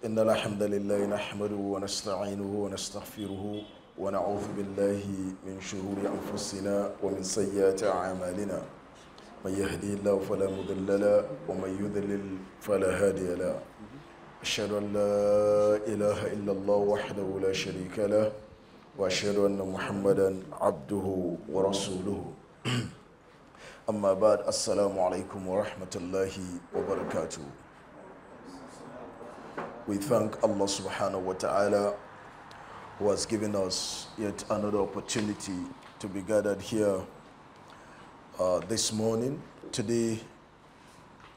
إن الحمد لله نحمده ونستعينه ونستغفره ونعوذ بالله من شرور أنفسنا ومن سيئات أعمالنا من يهدي الله فلا مضل له ومن يضلل فلا هادي له أشهد أن لا إله إلا الله وحده لا شريك له وأشهد أن محمدا عبده ورسوله أما بعد السلام عليكم ورحمة الله وبركاته We thank Allah subhanahu wa ta'ala who has given us yet another opportunity to be gathered here uh, this morning. Today,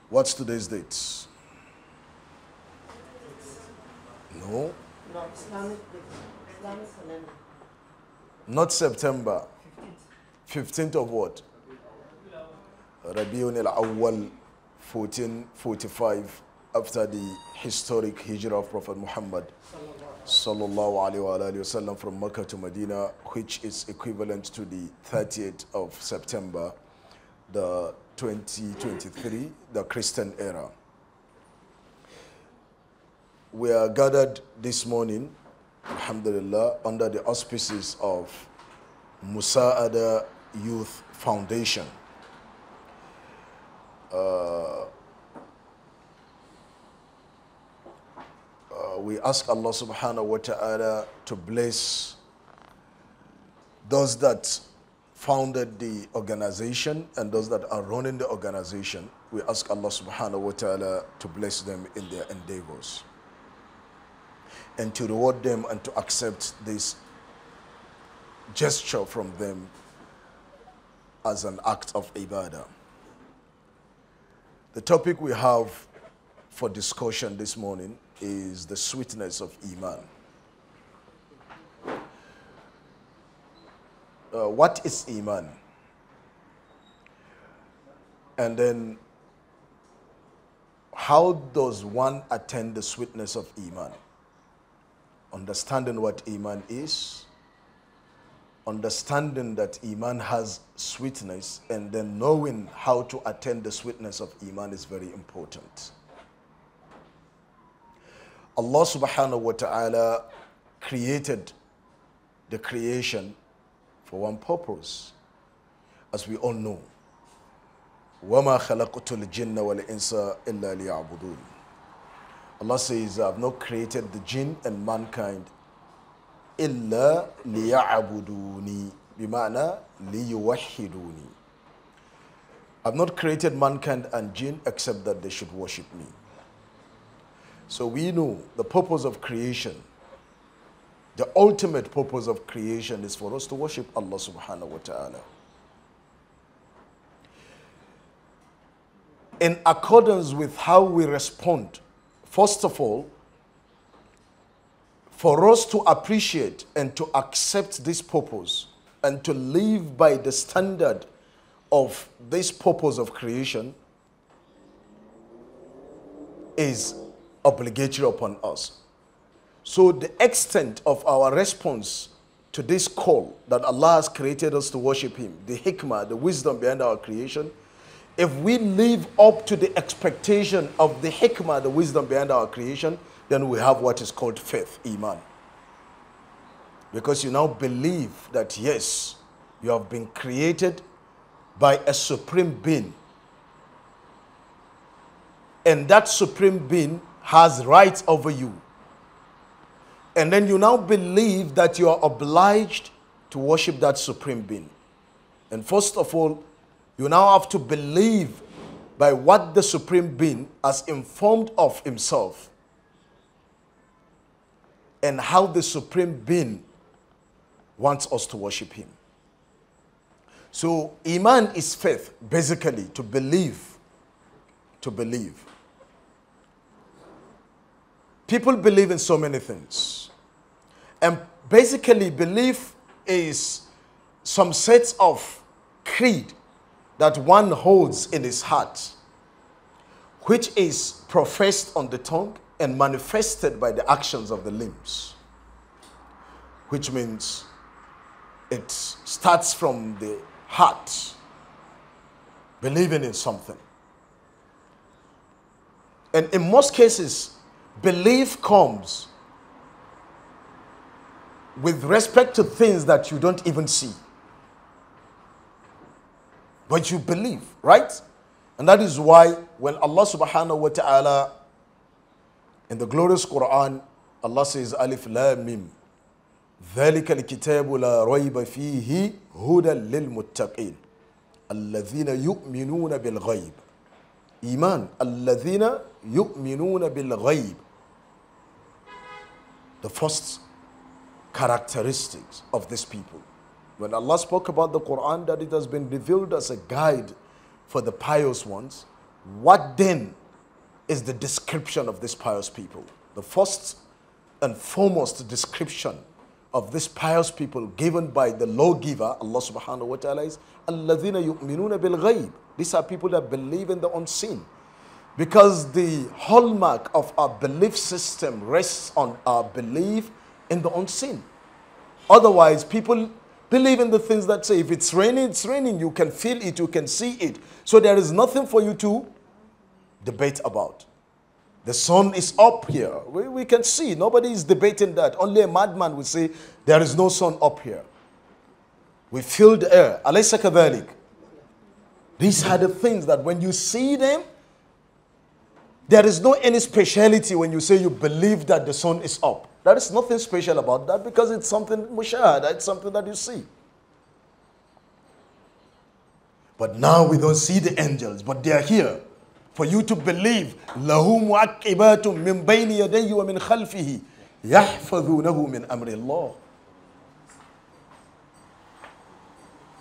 what's today's date? No? Not Islamic calendar. Not September. 15th, 15th of what? Rabiun al-Awwal 1445 after the historic hijrah of Prophet Muhammad sallallahu alaihi wasallam from Mecca to Medina, which is equivalent to the 30th of September, the 2023, the Christian era. We are gathered this morning, alhamdulillah, under the auspices of Musa'ada Youth Foundation. Uh, we ask Allah subhanahu wa ta'ala to bless those that founded the organization and those that are running the organization. We ask Allah subhanahu wa ta'ala to bless them in their endeavors and to reward them and to accept this gesture from them as an act of ibadah. The topic we have for discussion this morning is the sweetness of Iman. Uh, what is Iman? And then, how does one attain the sweetness of Iman? Understanding what Iman is, understanding that Iman has sweetness, and then knowing how to attain the sweetness of Iman is very important. Allah subhanahu wa ta'ala created the creation for one purpose, as we all know. وَمَا خَلَقْتُ الْجِنَّ وَالْإِنسَ إِلَّا لِيَعْبُدُونَ Allah says, I have not created the jinn and mankind إِلَّا لِيَعْبُدُونِ بِمَعْنَى لِيُوَحِّدُونِ I've not created mankind and jinn except that they should worship me. So we know the purpose of creation, the ultimate purpose of creation is for us to worship Allah subhanahu wa ta'ala. In accordance with how we respond, first of all, for us to appreciate and to accept this purpose and to live by the standard of this purpose of creation is obligatory upon us. So the extent of our response to this call that Allah has created us to worship Him, the hikmah, the wisdom behind our creation, if we live up to the expectation of the hikmah, the wisdom behind our creation, then we have what is called faith, iman. Because you now believe that yes, you have been created by a supreme being. And that supreme being has rights over you. And then you now believe that you are obliged to worship that supreme being. And first of all, you now have to believe by what the supreme being has informed of himself and how the supreme being wants us to worship him. So, Iman is faith, basically, to believe. To believe people believe in so many things. And basically, belief is some sets of creed that one holds in his heart, which is professed on the tongue and manifested by the actions of the limbs, which means it starts from the heart, believing in something. And in most cases, Belief comes with respect to things that you don't even see. But you believe, right? And that is why when Allah subhanahu wa ta'ala in the glorious Quran, Allah says, Alif Lam Mim. ذلك الكتاب لا ريب فيه هدى للمتقين الذين يؤمنون بالغيب إيمان الذين يؤمنون بالغيب the first characteristics of these people. When Allah spoke about the Quran, that it has been revealed as a guide for the pious ones, what then is the description of these pious people? The first and foremost description of these pious people given by the lawgiver, Allah subhanahu wa ta'ala, is yu'minuna These are people that believe in the unseen. Because the hallmark of our belief system rests on our belief in the unseen. Otherwise, people believe in the things that say if it's raining, it's raining. You can feel it, you can see it. So there is nothing for you to debate about. The sun is up here. We, we can see. Nobody is debating that. Only a madman will say there is no sun up here. We feel the air. These are the things that when you see them, there is no any speciality when you say you believe that the sun is up. There is nothing special about that because it's something mushahada, it's something that you see. But now we don't see the angels, but they are here. For you to believe, لَهُمْ مُعَقِّبَاتٌ مِّن بَيْنِ يَدَيْهِ وَمِنْ خَلْفِهِ يَحْفَظُونَهُ مِنْ أَمْرِ اللَّهِ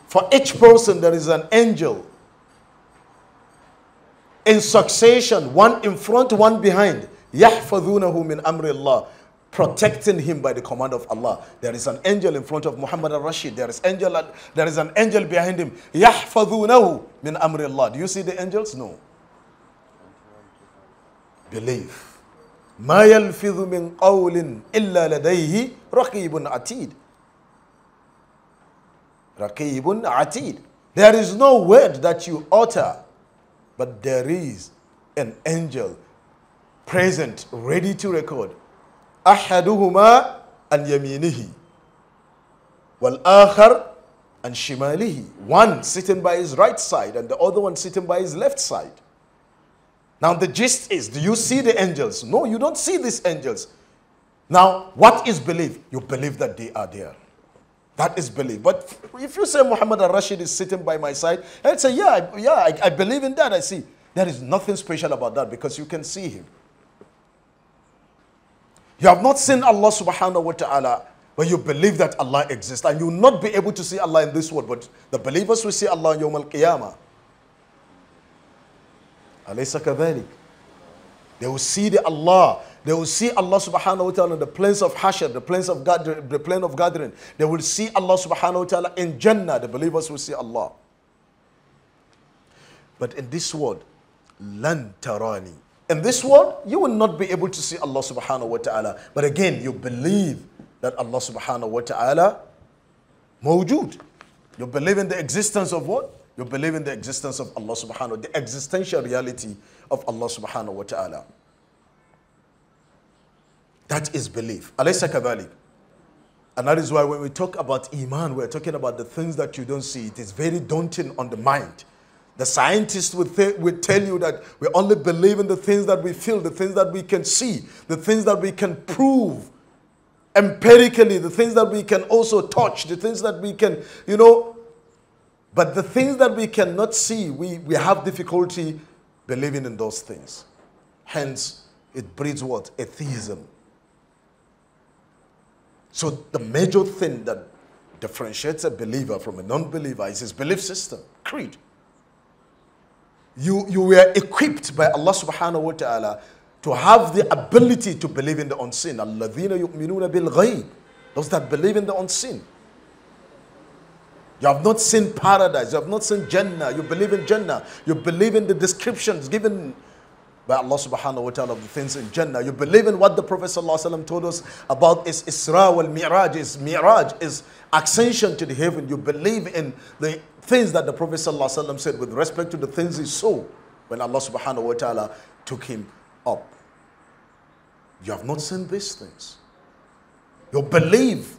For each person there is an angel in succession, one in front, one behind. يَحْفَظُونَهُ مِنْ أَمْرِ اللَّهِ protecting him by the command of Allah. There is an angel in front of Muhammad al-Rashid. There is angel. There is an angel behind him. يَحْفَظُونَهُ مِنْ أَمْرِ اللَّهِ Do you see the angels? No. Believe. مَا يَلْفِظُ مِنْ قَوْلٍ إِلَّا لَدَيْهِ رَقِيبٌ عَتِيدٌ رَقِيبٌ عَتِيدٌ There is no word that you utter but there is an angel present, ready to record. أحدهما عن يمينه والآخر and شماله. One sitting by his right side and the other one sitting by his left side. Now the gist is, do you see the angels? No, you don't see these angels. Now, what is belief? You believe that they are there. That is belief. But if you say Muhammad al-Rashid is sitting by my side, I'd say, yeah, I, yeah, I, I believe in that. I see. There is nothing special about that because you can see him. You have not seen Allah subhanahu wa ta'ala, but you believe that Allah exists. And you will not be able to see Allah in this world, but the believers will see Allah in Yawm al-Qiyamah. They will see the Allah they will see Allah subhanahu wa ta'ala in the plains of Hashar, the plains of God, the plain of gathering. They will see Allah subhanahu wa ta'ala in Jannah. The believers will see Allah. But in this world, lan tarani. In this world, you will not be able to see Allah subhanahu wa ta'ala. But again, you believe that Allah subhanahu wa ta'ala mawjud. You believe in the existence of what? You believe in the existence of Allah subhanahu wa ta'ala, the existential reality of Allah subhanahu wa ta'ala. That is belief. Alaysa kadhalik. And that is why when we talk about Iman, we're talking about the things that you don't see. It is very daunting on the mind. The scientists will, th- would tell you that we only believe in the things that we feel, the things that we can see, the things that we can prove empirically, the things that we can also touch, the things that we can, you know. But the things that we cannot see, we, we have difficulty believing in those things. Hence, it breeds what? Atheism. So the major thing that differentiates a believer from a non-believer is his belief system, creed. You, you were equipped by Allah subhanahu wa ta'ala to have the ability to believe in the unseen. Alladhina yu'minuna bil ghayb. Those that believe in the unseen. You have not seen paradise. You have not seen Jannah. You believe in Jannah. You believe in the descriptions given by Allah subhanahu wa ta'ala of the things in Jannah. You believe in what the Prophet ﷺ told us about is Isra wal Mi'raj, is Mi'raj, is ascension to the heaven. You believe in the things that the Prophet ﷺ said with respect to the things he saw when Allah subhanahu wa ta'ala took him up. You have not seen these things. You believe.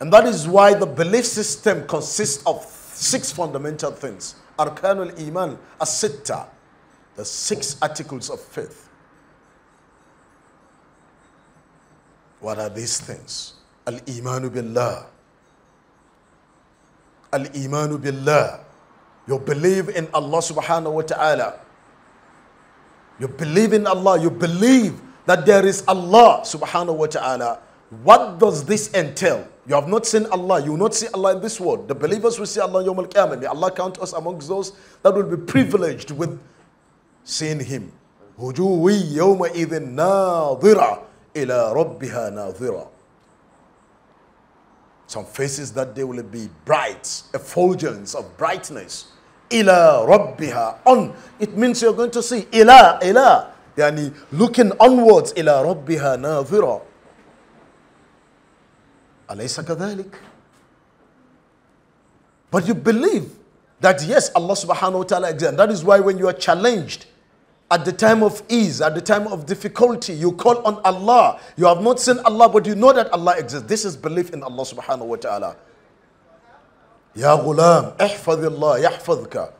And that is why the belief system consists of six fundamental things. Arkanul Iman, as-sitta, the six articles of faith. What are these things? Al Imanu Billah. Al Imanu Billah. You believe in Allah subhanahu wa ta'ala. You believe in Allah. You believe that there is Allah subhanahu wa ta'ala. What does this entail? You have not seen Allah. You will not see Allah in this world. The believers will see Allah in Yawm al May Allah count us amongst those that will be privileged with seeing him. وجوه يومئذ ناظرة إلى ربها ناظرة Some faces that day will be bright, effulgence of brightness. ila rabbiha on. It means you're going to see ila ila. يعني looking onwards ila rabbiha ناظرة أليس كذلك؟ But you believe that yes, Allah subhanahu wa ta'ala And that is why when you are challenged at the time of ease, at the time of difficulty, you call on Allah. You have not seen Allah, but you know that Allah exists. This is belief in Allah subhanahu wa ta'ala. Ya ghulam, ihfadillah, yahfadka.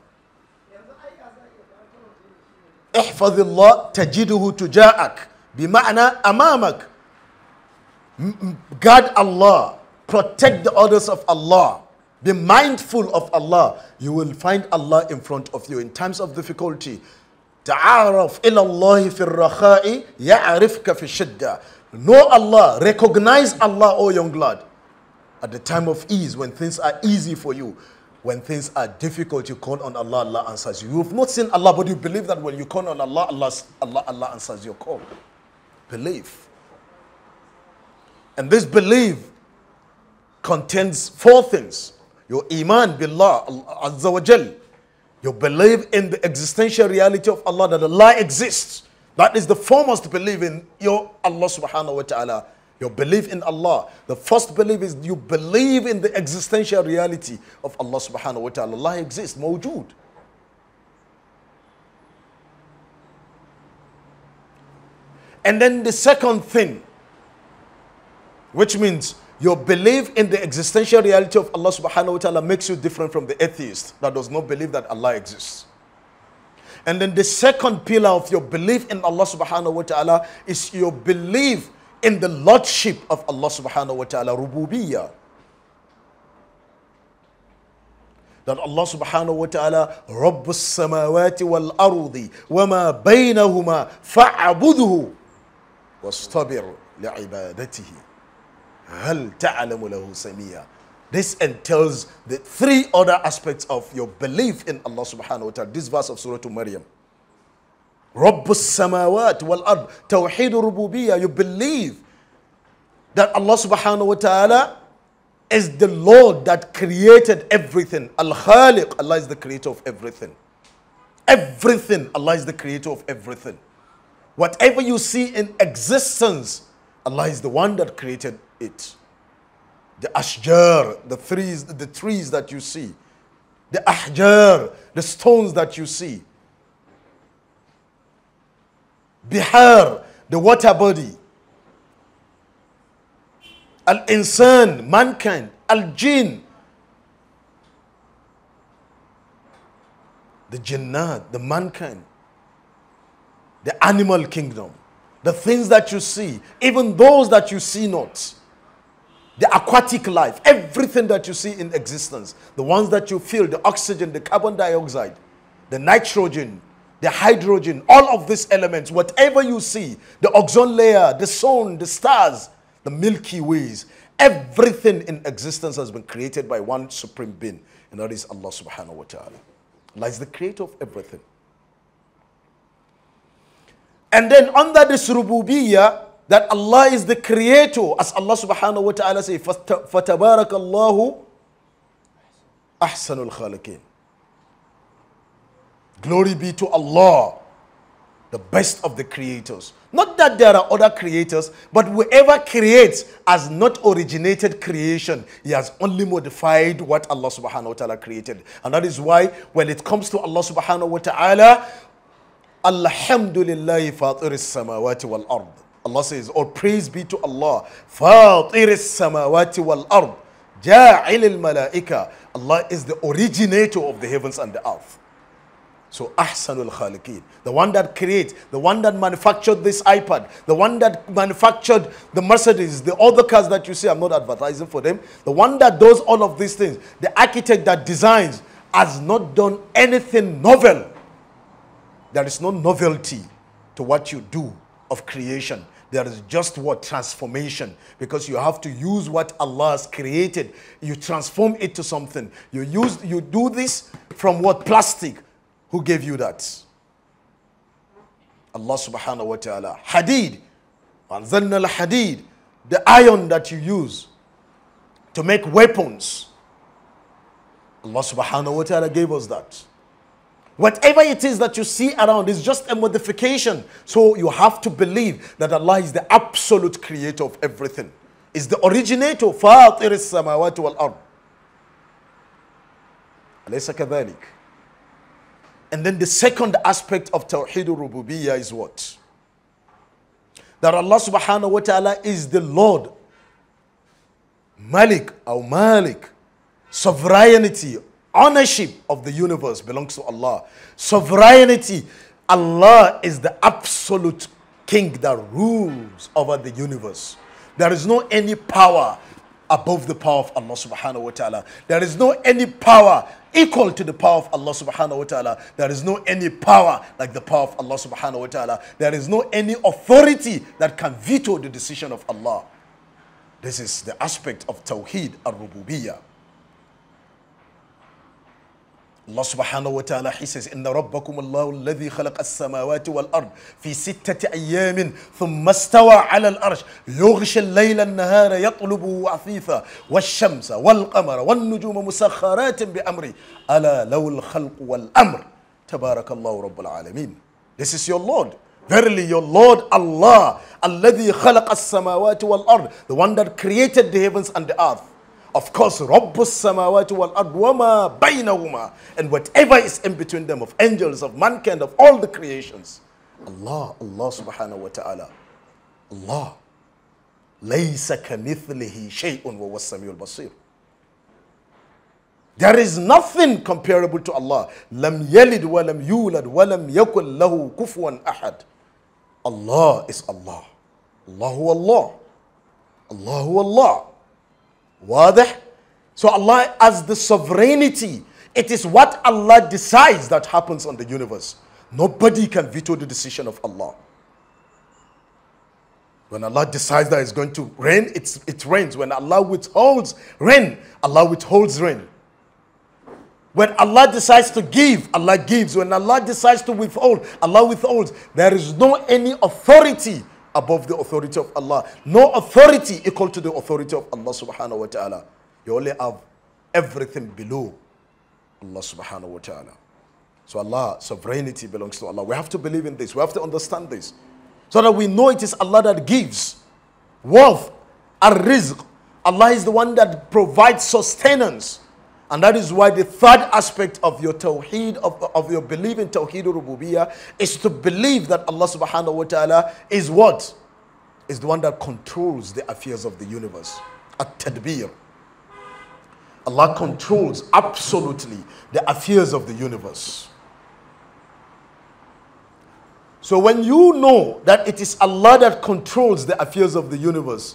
Ihfadillah tajiduhu tuja'ak. Bima'na amamak. Guard Allah. Protect the orders of Allah. Be mindful of Allah. You will find Allah in front of you in times of difficulty. إلى الله في الرخاء يعرفك في الشدة. Know Allah, recognize Allah, O young lad. At the time of ease, when things are easy for you, when things are difficult, you call on Allah, Allah answers you. You have not seen Allah, but you believe that when you call on Allah, Allah, Allah, Allah answers your call. Believe. And this belief contains four things. Your iman billah, Azza wa Jal, you believe in the existential reality of Allah that Allah exists. That is the foremost belief in your Allah subhanahu wa ta'ala. Your belief in Allah. The first belief is you believe in the existential reality of Allah subhanahu wa ta'ala. Allah exists, mawjood. And then the second thing, which means your belief in the existential reality of Allah subhanahu wa ta'ala makes you different from the atheist that does not believe that Allah exists. And then the second pillar of your belief in Allah subhanahu wa ta'ala is your belief in the lordship of Allah subhanahu wa ta'ala, rububiyyah. that Allah subhanahu wa ta'ala رَبُّ السَّمَاوَاتِ wal وَمَا wama فَاعْبُدُهُ fa'budhu لِعِبَادَتِهِ هل تعلم له سميا this entails the three other aspects of your belief in Allah subhanahu wa ta'ala. This verse of Surah to Maryam. رب السماوات والأرض توحيد الربوبية You believe that Allah subhanahu wa ta'ala is the Lord that created everything. Al-Khaliq, Allah is the creator of everything. Everything, Allah is the creator of everything. Whatever you see in existence, Allah is the one that created it. The ashjar, the trees, the trees that you see. The ahjar, the stones that you see. Bihar, the water body. Al-insan, mankind. Al-jinn, the jinnat, the mankind, the animal kingdom, the things that you see, even those that you see not the aquatic life, everything that you see in existence, the ones that you feel, the oxygen, the carbon dioxide, the nitrogen, the hydrogen, all of these elements, whatever you see, the ozone layer, the sun, the stars, the Milky Ways, everything in existence has been created by one supreme being, and that is Allah subhanahu wa ta'ala. Allah is the creator of everything. And then under this rububiyah that Allah is the creator, as Allah subhanahu wa ta'ala says, فَتَبَارَكَ اللَّهُ أَحْسَنُ الْخَالِقِينَ Glory be to Allah, the best of the creators. Not that there are other creators, but whoever creates has not originated creation. He has only modified what Allah subhanahu wa ta'ala created. And that is why when it comes to Allah subhanahu wa ta'ala, Alhamdulillahi fatiris samawati wal ard. Allah says, or oh, praise be to Allah. فاطر السماوات والأرض al al-mala'ika. Allah is the originator of the heavens and the earth. So Ahsanul Khaliqin, the one that creates, the one that manufactured this iPad, the one that manufactured the Mercedes, the other cars that you see, I'm not advertising for them, the one that does all of these things, the architect that designs has not done anything novel. There is no novelty to what you do of creation. There is just what transformation because you have to use what Allah has created. You transform it to something. You use you do this from what plastic? Who gave you that? Allah subhanahu wa ta'ala. Hadid. Anzalna al-hadid. The iron that you use to make weapons. Allah subhanahu wa ta'ala gave us that. Whatever it is that you see around is just a modification. So you have to believe that Allah is the absolute creator of everything. Is the originator. فاطر السماوات والأرض. أليس كذلك? And then the second aspect of Tawheed Rububiyyah is what? That Allah subhanahu wa ta'ala is the Lord. Malik or Malik. Sovereignty ownership of the universe belongs to Allah. Sovereignty, Allah is the absolute king that rules over the universe. There is no any power above the power of Allah subhanahu wa ta'ala. There is no any power equal to the power of Allah subhanahu wa ta'ala. There is no any power like the power of Allah subhanahu wa ta'ala. There is no any authority that can veto the decision of Allah. This is the aspect of Tawheed al-Rububiyyah. الله سبحانه وتعالى حسس إن ربكم الله الذي خلق السماوات والأرض في ستة أيام ثم استوى على الأرش يغشي الليل النهار يطلبه عثيثا والشمس والقمر والنجوم مسخرات بأمري ألا لو الخلق والأمر تبارك الله رب العالمين This is your Lord Verily your Lord Allah الذي خلق السماوات والأرض The one that created the heavens and the earth Of course, Rabbus samawati wal adwama bainahuma. And whatever is in between them of angels, of mankind, of all the creations. Allah, Allah subhanahu wa ta'ala. Allah. Laysa kamithlihi shay'un wa wasamiyul basir. There is nothing comparable to Allah. Lam yalid wa lam yulad wa lam yakul lahu kufuwan ahad. Allah is Allah. Allahu Allah. Allahu Allah. Wadah? So Allah as the sovereignty, it is what Allah decides that happens on the universe. Nobody can veto the decision of Allah. When Allah decides that it's going to rain, it's, it rains. When Allah withholds rain, Allah withholds rain. When Allah decides to give, Allah gives. When Allah decides to withhold, Allah withholds. There is no any authority above the authority of Allah. No authority equal to the authority of Allah subhanahu wa ta'ala. You only have everything below Allah subhanahu wa ta'ala. So Allah, sovereignty belongs to Allah. We have to believe in this. We have to understand this. So that we know it is Allah that gives wealth and rizq. Allah is the one that provides sustenance. And that is why the third aspect of your tawheed, of, of your belief in tawheed rububiyyah, is to believe that Allah subhanahu wa ta'ala is what? Is the one that controls the affairs of the universe. At tadbir. Allah controls absolutely the affairs of the universe. So when you know that it is Allah that controls the affairs of the universe,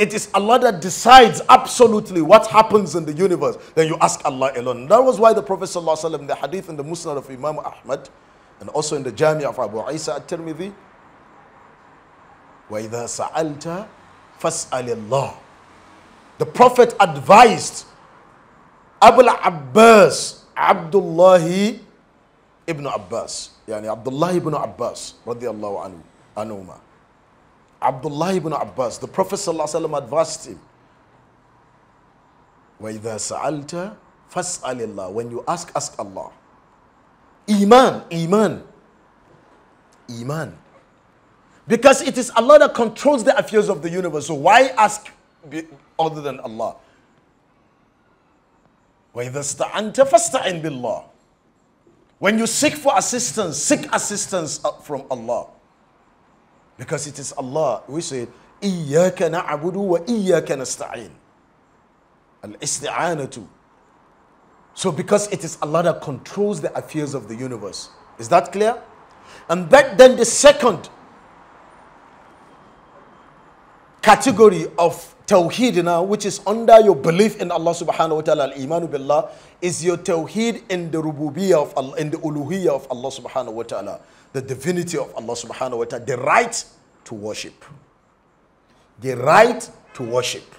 it is Allah that decides absolutely what happens in the universe. Then you ask Allah alone. That was why the Prophet ﷺ, in the hadith in the Musnad of Imam Ahmad, and also in the Jami of Abu Isa at-Tirmidhi, وَإِذَا سَأَلْتَ فَاسْأَلِ اللَّهِ The Prophet advised Abu Abbas, Abdullah ibn Abbas, yani Abdullah ibn Abbas, radiallahu anhu, anuma. Abdullah ibn Abbas, the Prophet ﷺ advised him, وَإِذَا سَأَلْتَ فَاسْأَلِ اللَّهِ When you ask, ask Allah. Iman, Iman, Iman. Because it is Allah that controls the affairs of the universe. So why ask other than Allah? وَإِذَا اسْتَعَنْتَ فَاسْتَعِنْ بِاللَّهِ When you seek for assistance, seek assistance uh, from Allah. Because it is Allah. We say إِيَّاكَ نَعْبُدُ وَإِيَّاكَ نَسْتَعِينَ Al-isti'anatu. So because it is Allah that controls the affairs of the universe. Is that clear? And that then the second category of tawheed now, which is under your belief in Allah subhanahu wa ta'ala, al-imanu billah, is your tawheed in the rububiyyah of Allah, in the uluhiyyah of Allah subhanahu wa ta'ala the divinity of Allah subhanahu wa ta'ala, the right to worship. The right to worship.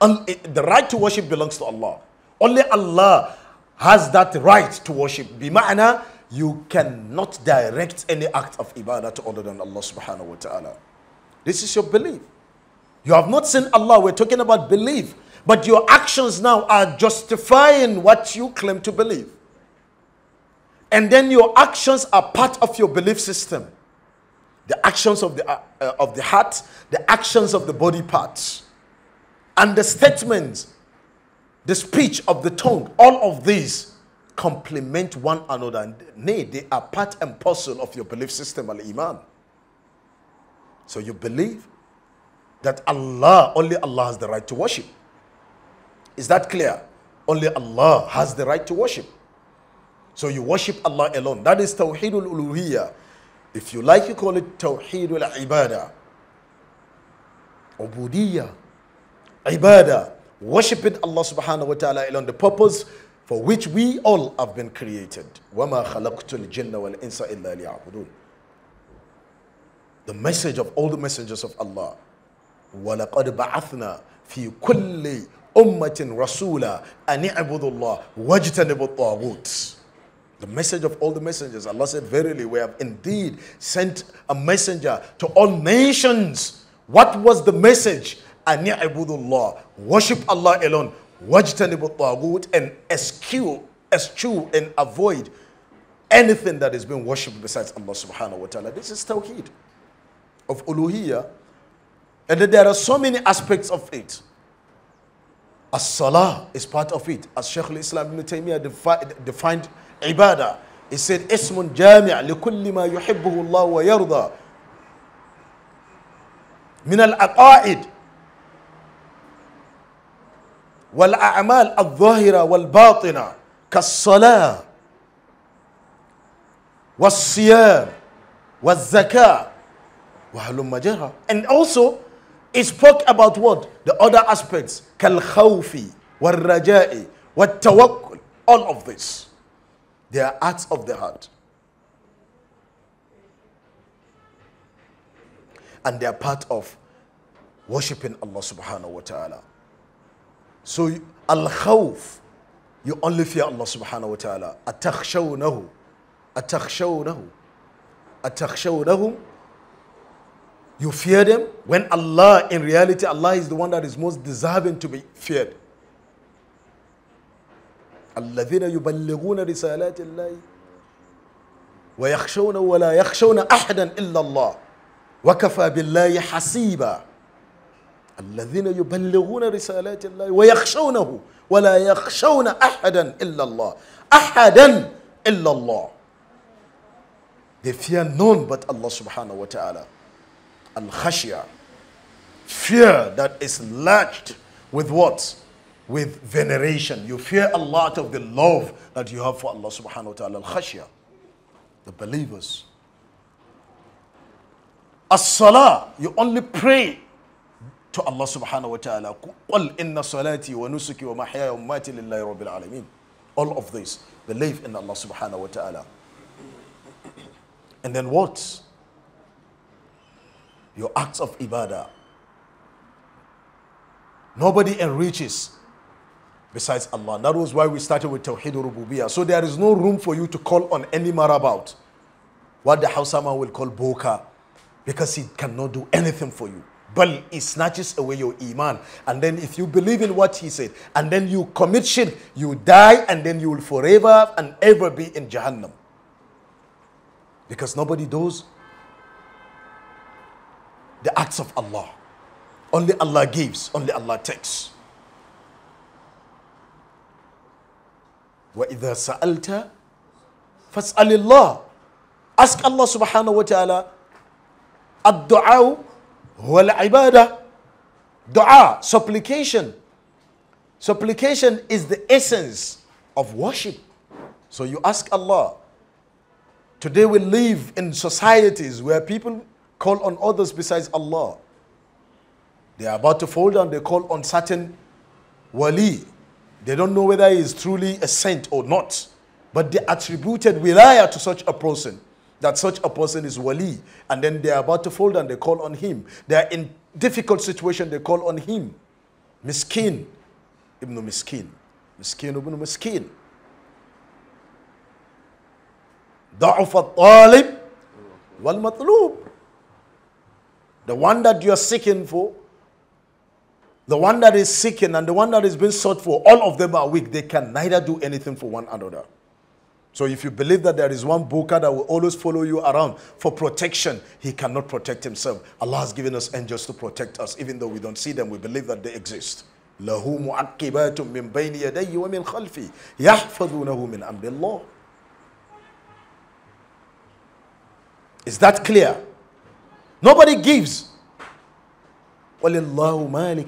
And the right to worship belongs to Allah. Only Allah has that right to worship. Bima'ana, you cannot direct any act of ibadah to other than Allah subhanahu wa ta'ala. This is your belief. You have not seen Allah. We're talking about belief. But your actions now are justifying what you claim to believe. And then your actions are part of your belief system. The actions of the, uh, uh, of the heart, the actions of the body parts, and the statements, the speech of the tongue, all of these complement one another. And nay, they are part and parcel of your belief system, Al Iman. So you believe that Allah, only Allah has the right to worship. Is that clear? Only Allah has the right to worship. So you worship Allah alone. That is Tawheedul Uluhiyya. If you like, you call it Tawheedul Ibadah. Ubudiyya. Ibadah. Worshipping Allah subhanahu wa ta'ala alone. The purpose for which we all have been created. وَمَا خَلَقْتُ الْجِنَّ وَالْإِنسَ إِلَّا لِيَعْبُدُونَ The message of all the messengers of Allah. وَلَقَدْ بَعَثْنَا فِي كُلِّ أُمَّةٍ رَسُولًا أَنِ اعْبُدُوا اللَّهَ وَاجْتَنِبُوا الطَّاغُوتِ the message of all the messengers. Allah said, Verily, we have indeed sent a messenger to all nations. What was the message? Allah Worship Allah alone. Wajtanibut tagut and eschew, eschew and avoid anything that is being worshipped besides Allah subhanahu wa ta'ala. This is tawheed of uluhiyah. And there are so many aspects of it. As-salah is part of it. As Shaykh al-Islam ibn Taymiyyah defined عبادة يصير اسم جامع لكل ما يحبه الله ويرضى من العقائد والأعمال الظاهرة والباطنة كالصلاة والصيام والزكاة وهلم جرى and also he spoke about what the other aspects كالخوف والرجاء والتوكل all of this They are acts of the heart. And they are part of worshipping Allah subhanahu wa ta'ala. So al khawf, you only fear Allah subhanahu wa ta'ala. Atakhshawnahu. Atakhshawnahu. Atakhshawnahum. You fear them when Allah, in reality, Allah is the one that is most deserving to be feared. الذين يبلغون رسالات الله ويخشون ولا يخشون احدا الا الله وكفى بالله حسيبا الذين يبلغون رسالات الله ويخشونه ولا يخشون احدا الا الله احدا الا الله they fear none but Allah subhanahu wa ta'ala al khashya fear that is latched with what with veneration. You fear Allah out of the love that you have for Allah subhanahu wa ta'ala. Al-khashya. The believers. As-salah. You only pray to Allah subhanahu wa ta'ala. قُلْ إِنَّ صَلَاتِي وَنُسُكِي وَمَحْيَايَ وَمَاتِي لِلَّهِ رَبِّ الْعَالَمِينَ All of this. Believe in Allah subhanahu wa ta'ala. And then what? Your acts of ibadah. Nobody enriches besides Allah. That was why we started with Tawheed Rububiyah. So there is no room for you to call on any marabout. What the Hausama will call Boka. Because he cannot do anything for you. But he snatches away your iman. And then if you believe in what he said, and then you commit shirk, you die, and then you will forever and ever be in Jahannam. Because nobody does the acts of Allah. Only Allah gives, only Allah takes. وَإِذَا سَأَلْتَ فَاسْأَلِ اللَّهِ Ask Allah subhanahu wa ta'ala. الدعاء هو العبادة. Dua, supplication. Supplication is the essence of worship. So you ask Allah. Today we live in societies where people call on others besides Allah. They are about to fall down, they call on certain wali, they don't know whether he is truly a saint or not. But they attributed wilaya to such a person, that such a person is wali. And then they are about to fold and they call on him. They are in difficult situation, they call on him. Miskin, ibn miskin. Miskin ibn miskin. the one that you are seeking for the one that is seeking and the one that is being sought for, all of them are weak. They can neither do anything for one another. So if you believe that there is one booker that will always follow you around for protection, he cannot protect himself. Allah has given us angels to protect us. Even though we don't see them, we believe that they exist. له معقبات من بين يديه ومن خلفه يحفظونه من أمر الله Is that clear? Nobody gives Nobody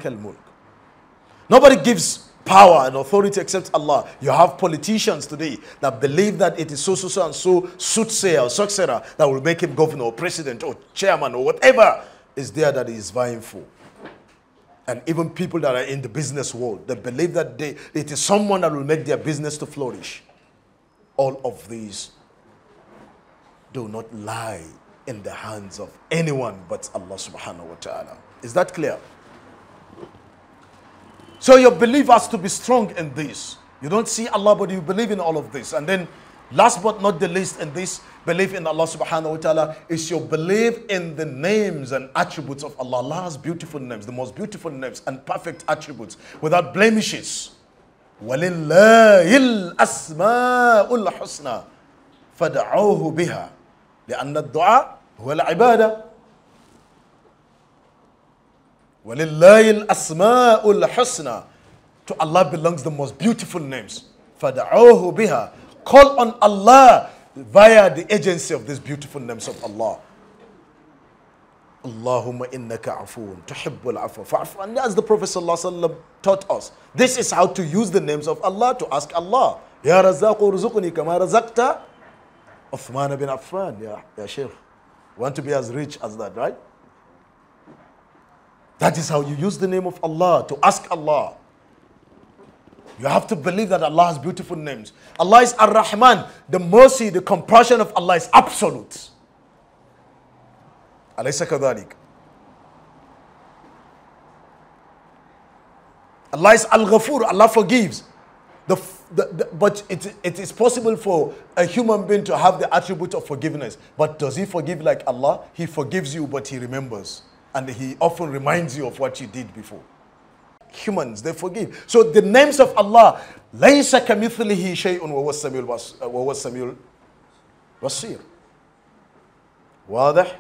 gives power and authority except Allah. You have politicians today that believe that it is so, so, so, and so soothsayer or successor that will make him governor or president or chairman or whatever is there that he is vying for. And even people that are in the business world, they believe that they, it is someone that will make their business to flourish. All of these do not lie in the hands of anyone but Allah subhanahu wa ta'ala. Is that clear? So your belief has to be strong in this. You don't see Allah, but you believe in all of this. And then, last but not the least, in this belief in Allah subhanahu wa ta'ala is your belief in the names and attributes of Allah. Allah's beautiful names, the most beautiful names and perfect attributes without blemishes. ولله الأسماء الحسنى فدعوه بها لأن الدعاء هو العبادة وَلِلَّهِ الْأَسْمَاءُ الْحُسْنَى To Allah belongs the most beautiful names. فَدَعُوهُ بِهَا Call on Allah via the agency of these beautiful names of Allah. Allahumma innaka afoon, tuhibbul afu, fa'fu. And as the Prophet ﷺ taught us, this is how to use the names of Allah to ask Allah. Ya Razaqu ruzuqni kama razaqta Uthman bin Affan, ya, ya Sheikh. Want to be as rich as that, right? That is how you use the name of Allah to ask Allah. You have to believe that Allah has beautiful names. Allah is Ar Rahman. The mercy, the compassion of Allah is absolute. Allah is Al Ghafur. Allah forgives. The, the, the, but it, it is possible for a human being to have the attribute of forgiveness. But does he forgive like Allah? He forgives you, but he remembers and he often reminds you of what you did before. Humans, they forgive. So the names of Allah, لَيْسَ كَمِثْلِهِ شَيْءٌ was السَّمِيعُ الْبَصِيرُ واضح?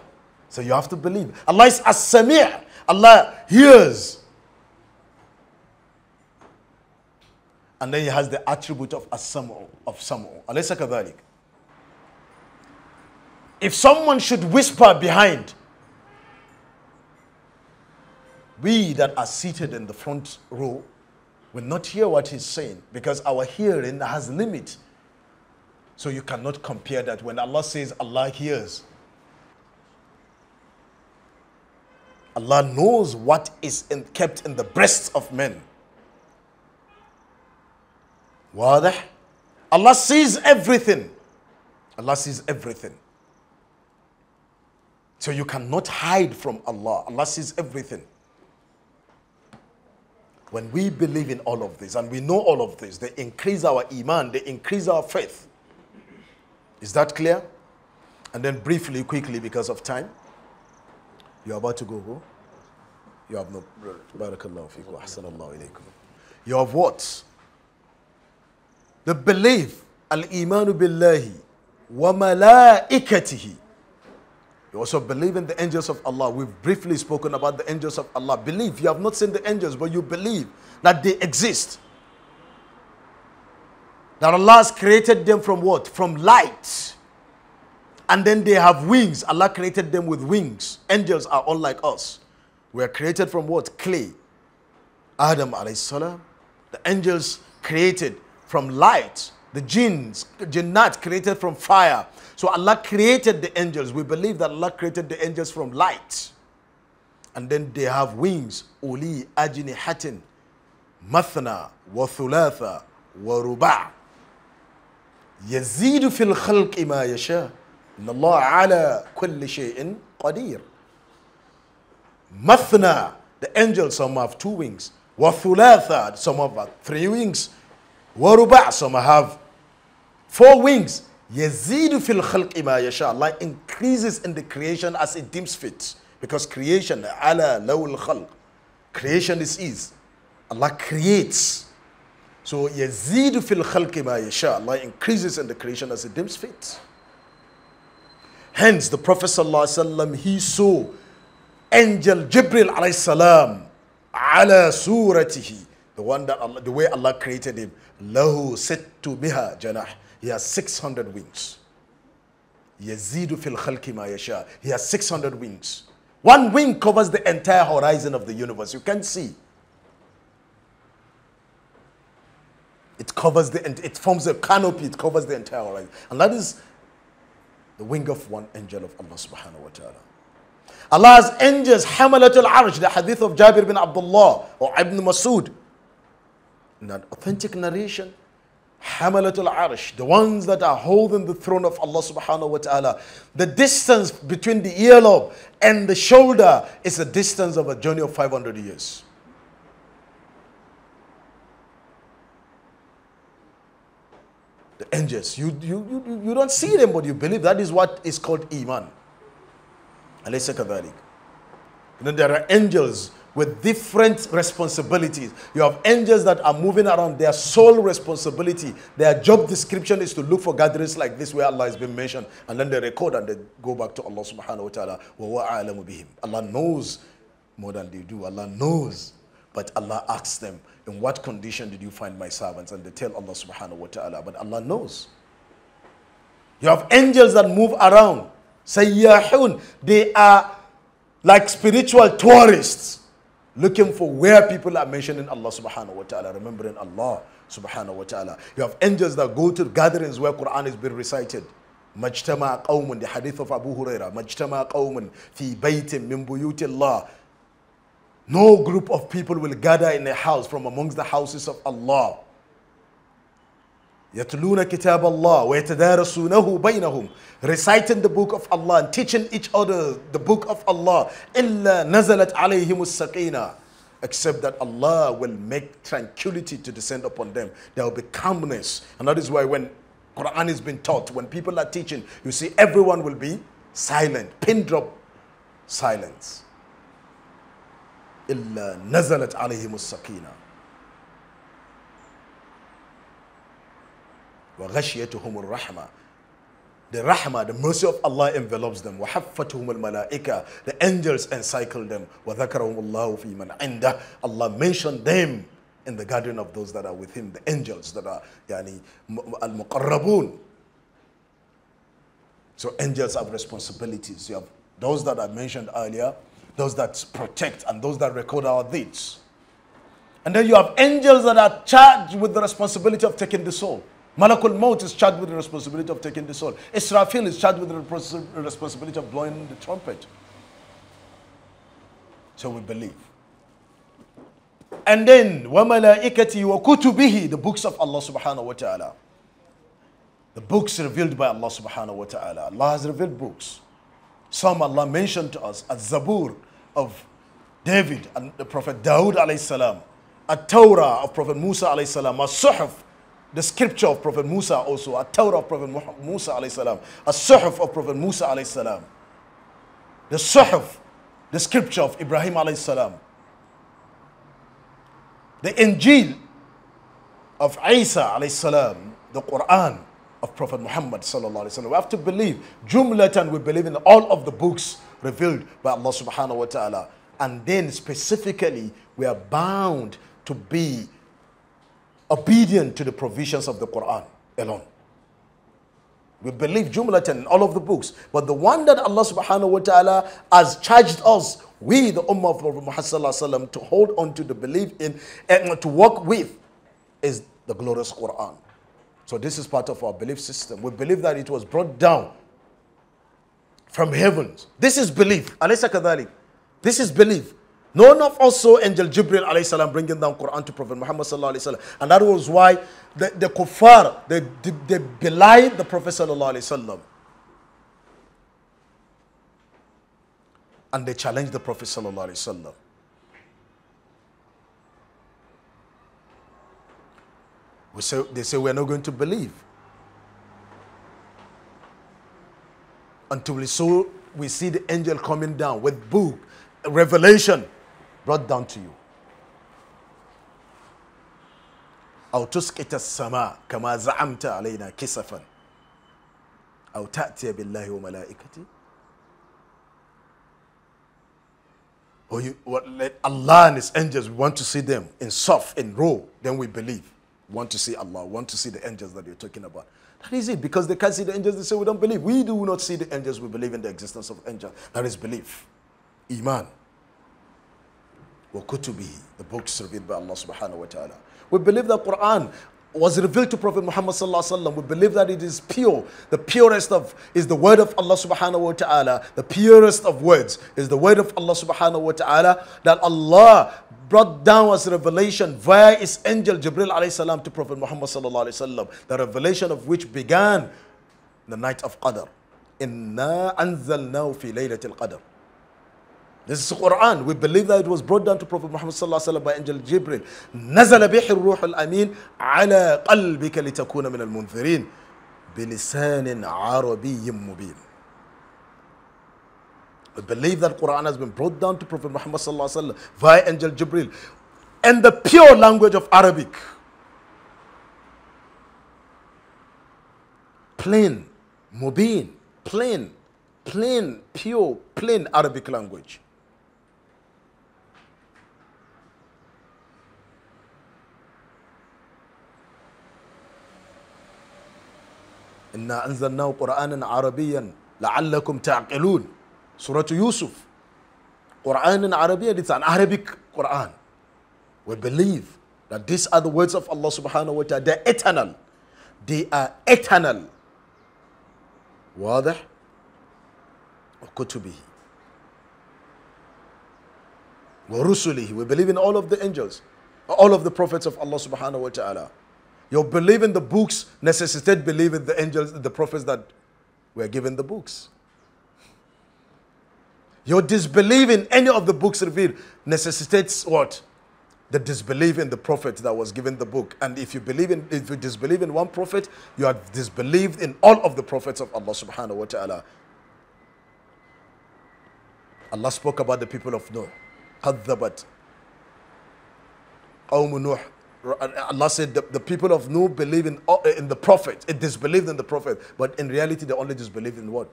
So you have to believe. Allah is as-sami' Allah hears. And then he has the attribute of as-sam'u, of sam'u. Alaysa kadhalik. If someone should whisper behind, we that are seated in the front row will not hear what he's saying because our hearing has limit. So you cannot compare that. When Allah says Allah hears, Allah knows what is in, kept in the breasts of men. Wadah? Allah sees everything. Allah sees everything. So you cannot hide from Allah. Allah sees everything. When we believe in all of this and we know all of this, they increase our iman, they increase our faith. Is that clear? And then briefly, quickly, because of time, you're about to go home. You have no. Barakallahu fikum. Ahsanallahu ilaykum. You have what? The belief. Al-imanu billahi wa malaikatihi you also believe in the angels of Allah. We've briefly spoken about the angels of Allah. Believe. You have not seen the angels, but you believe that they exist. That Allah has created them from what? From light. And then they have wings. Allah created them with wings. Angels are all like us. We are created from what? Clay. Adam alayhi salam. The angels created from light. The jinns, jinnat created from fire. So Allah created the angels. We believe that Allah created the angels from light. And then they have wings. Uli ajini hatin. Mathna wa thulatha wa ruba. يزيد في الخلق ما يشاء Allah, ala kulli shayin qadir. قدير the angels some have two wings thulatha, some have three wings وربع some have four wings Yazidu fil khalqi ma yasha. Allah increases in the creation as it deems fit. Because creation, ala lawul khalq. Creation is ease. Allah creates. So yazidu fil khalqi ma yasha. Allah increases in the creation as it deems fit. Hence the Prophet sallallahu he saw angel Jibril alayhi salam ala suratihi. The one that Allah, the way Allah created him. Lahu sittu biha janah he has 600 wings. Yazidu fil khalki ma yasha. He has 600 wings. One wing covers the entire horizon of the universe. You can see. It covers the, it forms a canopy, it covers the entire horizon. And that is the wing of one angel of Allah subhanahu wa ta'ala. Allah's angels, Hamalatul Arsh, the hadith of Jabir bin Abdullah or Ibn Masud. In an authentic narration, Hamalatul Arsh, the ones that are holding the throne of Allah subhanahu wa ta'ala. The distance between the earlobe and the shoulder is the distance of a journey of 500 years. The angels, you, you, you, you don't see them, but you believe that is what is called Iman. Alaysa kadhalik. You know, there are angels with different responsibilities. You have angels that are moving around. Their sole responsibility, their job description is to look for gatherings like this where Allah has been mentioned. And then they record and they go back to Allah subhanahu wa ta'ala. Allah knows more than they do. Allah knows. But Allah asks them, In what condition did you find my servants? And they tell Allah subhanahu wa ta'ala. But Allah knows. You have angels that move around. Sayyahun. They are like spiritual tourists looking for where people are mentioning Allah subhanahu wa ta'ala, remembering Allah subhanahu wa ta'ala. You have angels that go to gatherings where Quran is being recited. Majtama qawmun, the hadith of Abu Huraira. Majtama qawmun fi baytin min buyutillah. No group of people will gather in a house from amongst the houses of Allah. يَتْلُونَ كِتَابَ اللَّهِ وَيَتَدَارَسُونَهُ بَيْنَهُمْ Reciting the book of Allah and teaching each other the book of Allah. إِلَّا نَزَلَتْ عَلَيْهِمُ السَّقِينَةِ Except that Allah will make tranquility to descend upon them. There will be calmness. And that is why when Quran is being taught, when people are teaching, you see everyone will be silent. Pin drop silence. إِلَّا نَزَلَتْ عَلَيْهِمُ السَّقِينَةِ وَغَشِيَتُهُمُ الرَّحْمَةِ the rahmah, the mercy of Allah envelops them. وَحَفَّتُهُمُ الْمَلَائِكَةِ The angels encircle them. وَذَكَرَهُمُ اللَّهُ فِي مَنْ عِنْدَهُ Allah mentioned them in the garden of those that are with him, the angels that are يعني المقربون So angels have responsibilities. You have those that I mentioned earlier, those that protect and those that record our deeds. And then you have angels that are charged with the responsibility of taking the soul. Malakul Maut is charged with the responsibility of taking the soul. Israfil is charged with the responsibility of blowing the trumpet. So we believe. And then, وَمَلَائِكَتِي وَكُتُبِهِ The books of Allah subhanahu wa ta'ala. The books revealed by Allah subhanahu wa ta'ala. Allah has revealed books. Some Allah mentioned to us, as Zabur of David and the Prophet Dawood alayhi salam, at Torah of Prophet Musa alayhi salam, as Suhuf the scripture of Prophet Musa also, a Torah of Prophet Musa alayhi salam, a Suhuf of Prophet Musa alayhi salam, the Suhuf, the scripture of Ibrahim alayhi salam, the Injil of Isa alayhi salam, the Quran of Prophet Muhammad sallallahu alayhi wasallam. We have to believe jumlatan we believe in all of the books revealed by Allah subhanahu wa ta'ala. And then specifically we are bound to be obedient to the provisions of the Quran alone. We believe in all of the books. But the one that Allah subhanahu wa ta'ala has charged us, we, the Ummah of Prophet Muhammad sallam, to hold on to the belief in and to work with, is the glorious Quran. So this is part of our belief system. We believe that it was brought down from heavens. This is belief. This is belief. None of us saw Angel Jibril alayhi salam bringing down Quran to Prophet Muhammad sallallahu alayhi wasallam. And that was why the, the kuffar, they, they belied the Prophet sallallahu alayhi wasallam. And they challenged the Prophet sallallahu alayhi wasallam. We say, they say we're not going to believe until we saw we see the angel coming down with book, revelation, brought down to you. أو السماء كما زعمت علينا كسفا أو تأتي بالله وملائكته Or you, or let Allah and His angels, we want to see them in soft, in raw, then we believe. We want to see Allah, we want to see the angels that you're talking about. That is it, because they can't see the angels, they say we don't believe. We do not see the angels, we believe in the existence of angels. That is belief. Iman wa kutubihi, the books revealed by Allah subhanahu wa ta'ala. We believe that Quran was revealed to Prophet Muhammad sallallahu alaihi wasallam. We believe that it is pure. The purest of is the word of Allah subhanahu wa ta'ala. The purest of words is the word of Allah subhanahu wa ta'ala that Allah brought down as revelation via his angel Jibril alayhi salam to Prophet Muhammad sallallahu alaihi wasallam. The revelation of which began the night of Qadr. Inna anzalnahu fi laylatil Qadr. This is Quran. We believe that it was brought down to Prophet Muhammad sallallahu alaihi wasallam by angel Jibril. نزل به الروح الأمين على قلبك لتكون من المنذرين بلسان عربي مبين. We believe that Quran has been brought down to Prophet Muhammad sallallahu alaihi wasallam via angel Jibril and the pure language of Arabic. Plain, mubin, plain, plain, pure, plain Arabic language. إنا أنزلناه قرآنا عربيا لعلكم تعقلون سورة يوسف قرآن عربيا it's an Arabic Quran we believe that these are the words of Allah subhanahu wa ta'ala they're eternal they are eternal واضح وكتبه ورسله we believe in all of the angels all of the prophets of Allah subhanahu wa ta'ala Your belief in the books necessitates belief in the angels, the prophets that were given the books. Your disbelief in any of the books revealed necessitates what? The disbelief in the prophet that was given the book. And if you believe in if you disbelieve in one prophet, you have disbelieved in all of the prophets of Allah subhanahu wa ta'ala. Allah spoke about the people of Noah. قذبت قوم نوح uh, Allah said the, the people of Nuh believe in, uh, in the prophet. It disbelieved in the prophet. But in reality, they only disbelieved in what?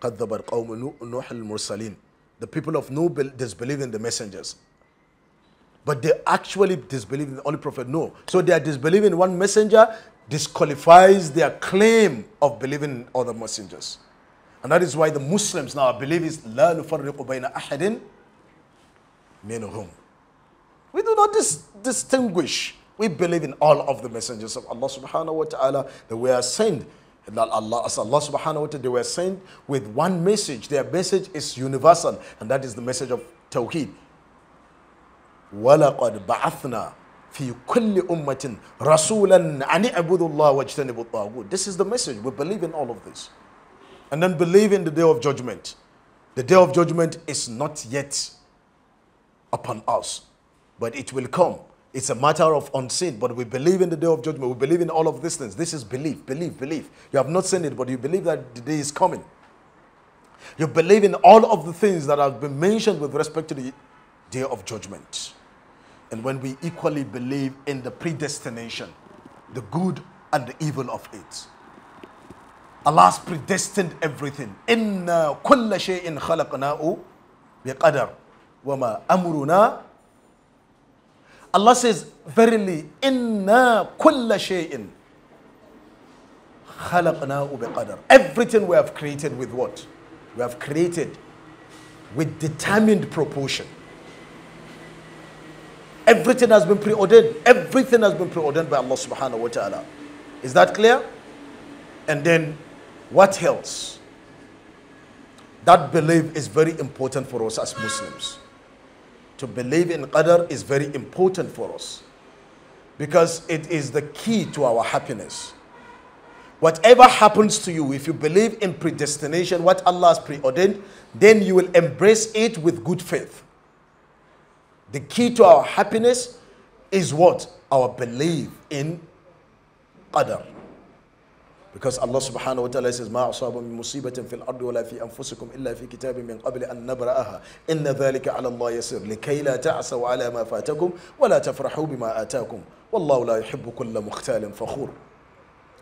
The people of Nuh disbelieved in the messengers. But they actually disbelieve in the only prophet Nuh. So their disbelief in one messenger disqualifies their claim of believing in other messengers. And that is why the Muslims now believe is la نُفَرِّقُ بَيْنَ whom We do not dis distinguish. We believe in all of the messengers of Allah subhanahu wa ta'ala that we are sent. That Allah, as Allah subhanahu wa ta'ala, they were sent with one message. Their message is universal, and that is the message of Tawheed. وَلَقَدْ بَعَثْنَا في كل أمة رسولا أن اعبدوا الله وَأَجْتَنِبُ الطاغوت This is the message. We believe in all of this. And then believe in the day of judgment. The day of judgment is not yet upon us. But it will come. It's a matter of unseen, but we believe in the day of judgment. We believe in all of these things. This is belief, belief, belief. You have not seen it, but you believe that the day is coming. You believe in all of the things that have been mentioned with respect to the day of judgment. And when we equally believe in the predestination, the good and the evil of it. Allah's predestined everything. Inna kulla shay'in khalaqna'u biqadar wama Allah says verily inna kulla shay'in khalaqnahu biqadar everything we have created with what we have created with determined proportion everything has been preordained everything has been preordained by Allah subhanahu wa ta'ala is that clear and then what else that belief is very important for us as Muslims to believe in Qadr is very important for us because it is the key to our happiness. Whatever happens to you, if you believe in predestination, what Allah has preordained, then you will embrace it with good faith. The key to our happiness is what? Our belief in Qadr. Because Allah subhanahu wa ta'ala says, مَا أَصَابَ مِن مُصِيبَةٍ فِي الْأَرْضِ وَلَا فِي أَنفُسِكُمْ إِلَّا فِي كِتَابٍ مِّن قَبْلِ أَن نَّبْرَأَهَا إِنَّ ذَلِكَ عَلَى اللَّهِ يَسِيرٌ لِكَيْ لَا تَعْسَوْا عَلَى مَا فَاتَكُمْ وَلَا تَفْرَحُوا بِمَا آتَاكُمْ وَاللَّهُ لَا يُحِبُّ كُلَّ مُخْتَالٍ فَخُورٍ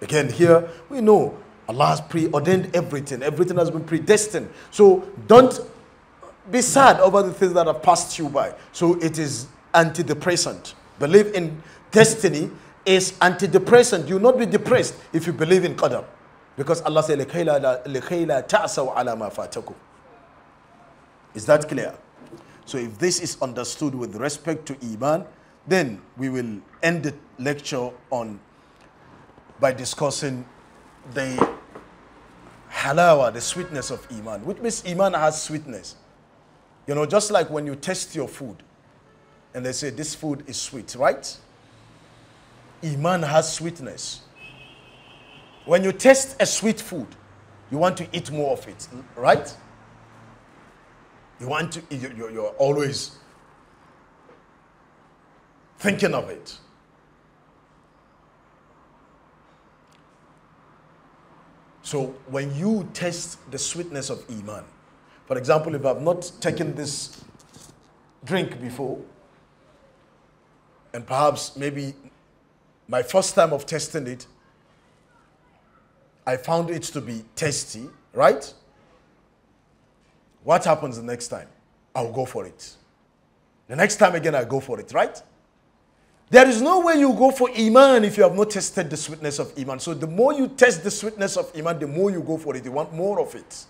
Again, here we know Allah has preordained everything. Everything has been predestined. So don't be sad over the things that have passed you by. So it is antidepressant. Believe in destiny is antidepressant. You will not be depressed if you believe in Qadr. Because Allah said, Is that clear? So if this is understood with respect to Iman, then we will end the lecture on by discussing the halawa, the sweetness of Iman, which means Iman has sweetness. You know, just like when you taste your food and they say this food is sweet, right? Iman has sweetness. When you taste a sweet food, you want to eat more of it, right? You want to, you're, you're always thinking of it. So when you taste the sweetness of Iman, for example, if I've not taken this drink before, and perhaps maybe my first time of testing it, I found it to be tasty, right? What happens the next time? I'll go for it. The next time again, I go for it, right? There is no way you go for Iman if you have not tested the sweetness of Iman. So the more you test the sweetness of Iman, the more you go for it. You want more of it.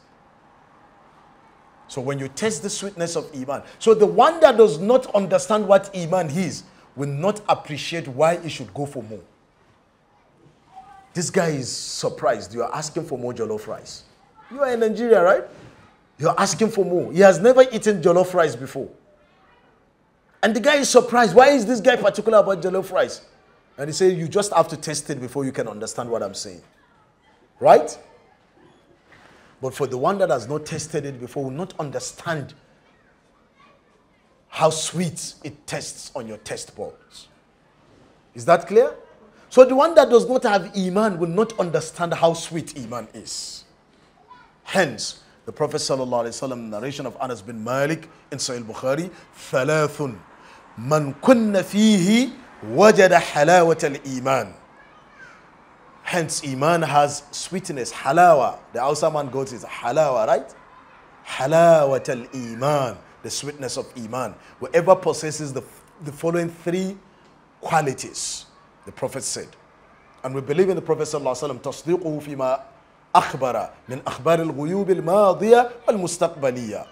So when you test the sweetness of Iman, so the one that does not understand what Iman is, will not appreciate why he should go for more. This guy is surprised. You are asking for more jollof rice. You are in Nigeria, right? You are asking for more. He has never eaten jollof rice before. And the guy is surprised. Why is this guy particular about jollof rice? And he said, You just have to taste it before you can understand what I'm saying. Right? But for the one that has not tasted it before, will not understand how sweet it tastes on your taste buds. Is that clear? So the one that does not have Iman will not understand how sweet Iman is. Hence, the Prophet ﷺ narration of Anas bin Malik in Sahih Bukhari, man kunna fihi فِيهِ halawat al-iman." Hence, Iman has sweetness, halawa. The Hausa man goes is halawa, right? al-iman the sweetness of Iman. Whoever possesses the, the following three qualities, the Prophet said. And we believe in the Prophet sallallahu alaihi wasallam, أخبر من أخبار الغيوب الماضية والمستقبلية.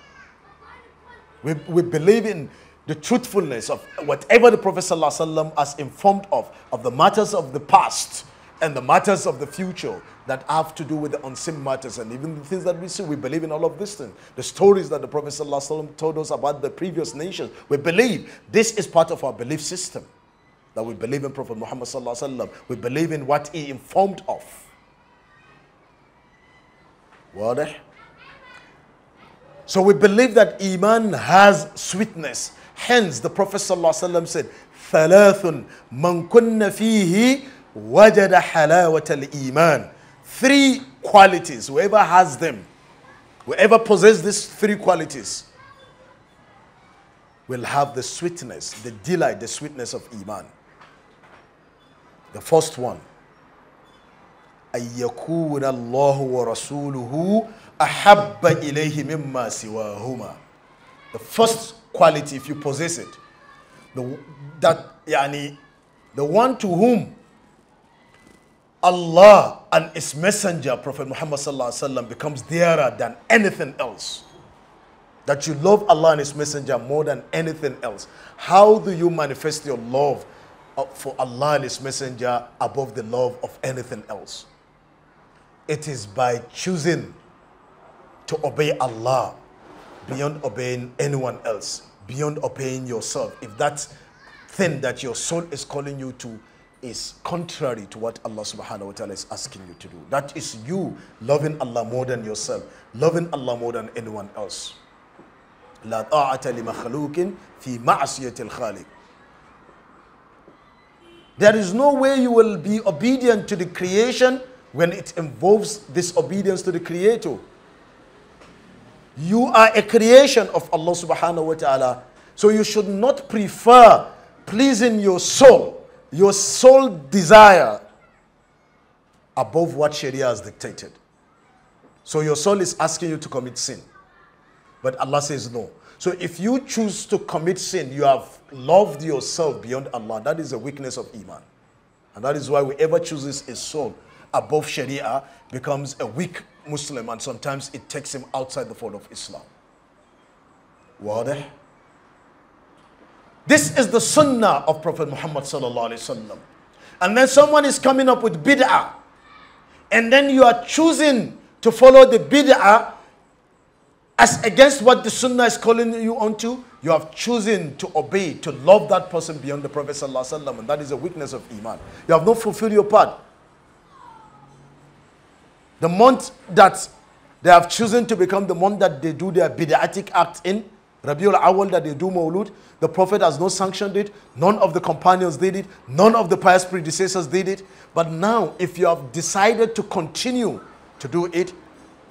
We, we believe in the truthfulness of whatever the Prophet has informed of, of the matters of the past and the matters of the future that have to do with the unseen matters and even the things that we see. We believe in all of this thing. The stories that the Prophet ﷺ told us about the previous nations, we believe this is part of our belief system. That we believe in Prophet Muhammad ﷺ. We believe in what he informed of. Wadah? So we believe that Iman has sweetness. Hence the Prophet ﷺ said, ثَلَاثٌ مَنْ كُنَّ فِيهِ wajada halawatal iman. Three qualities, whoever has them, whoever possesses these three qualities, will have the sweetness, the delight, the sweetness of iman. The first one, أن يكون الله ورسوله أحب إليه مما سواهما. The first quality, if you possess it, the, that yani, the one to whom Allah and His Messenger, Prophet Muhammad sallam, becomes dearer than anything else. That you love Allah and His Messenger more than anything else. How do you manifest your love uh, for Allah and His Messenger above the love of anything else? It is by choosing to obey Allah beyond obeying anyone else, beyond obeying yourself. If that thing that your soul is calling you to is contrary to what Allah subhanahu wa ta'ala is asking you to do. That is you loving Allah more than yourself, loving Allah more than anyone else. لا طاعة لمخلوق في معصية الخالق There is no way you will be obedient to the creation when it involves disobedience to the creator. You are a creation of Allah subhanahu wa ta'ala. So you should not prefer pleasing your soul your sole desire above what Sharia has dictated. So your soul is asking you to commit sin. But Allah says no. So if you choose to commit sin, you have loved yourself beyond Allah. That is a weakness of Iman. And that is why whoever chooses a soul above Sharia becomes a weak Muslim and sometimes it takes him outside the fold of Islam. Wadah? This is the sunnah of Prophet Muhammad sallallahu alaihi wasallam. And then someone is coming up with bid'ah. And then you are choosing to follow the bid'ah as against what the sunnah is calling you onto. You have chosen to obey, to love that person beyond the Prophet sallallahu alaihi wasallam. And that is a weakness of iman. You have not fulfilled your part. The month that they have chosen to become the month that they do their bid'atic act in, Rabiul Awal that they do Mawlud. The Prophet has not sanctioned it. None of the companions did it. None of the pious predecessors did it. But now, if you have decided to continue to do it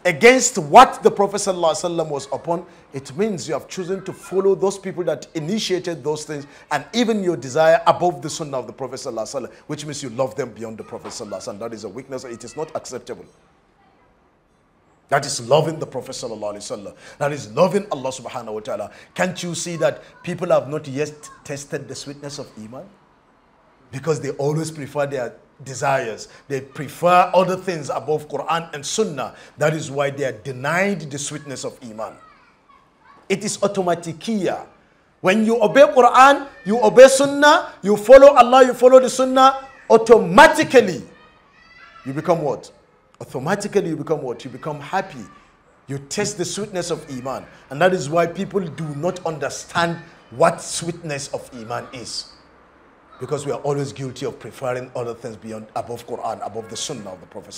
against what the Prophet ﷺ was upon, it means you have chosen to follow those people that initiated those things and even your desire above the sunnah of the Prophet ﷺ, which means you love them beyond the Prophet ﷺ. That is a weakness. It is not acceptable. That is loving the Prophet sallallahu alaihi wasallam. That is loving Allah subhanahu wa ta'ala. Can't you see that people have not yet tested the sweetness of iman? Because they always prefer their desires. They prefer other things above Quran and Sunnah. That is why they are denied the sweetness of iman. It is automaticia. When you obey Quran, you obey Sunnah, you follow Allah, you follow the Sunnah, automatically you become what? automatically you become what? You become happy. You taste the sweetness of Iman. And that is why people do not understand what sweetness of Iman is. Because we are always guilty of preferring other things beyond above Quran, above the Sunnah of the Prophet.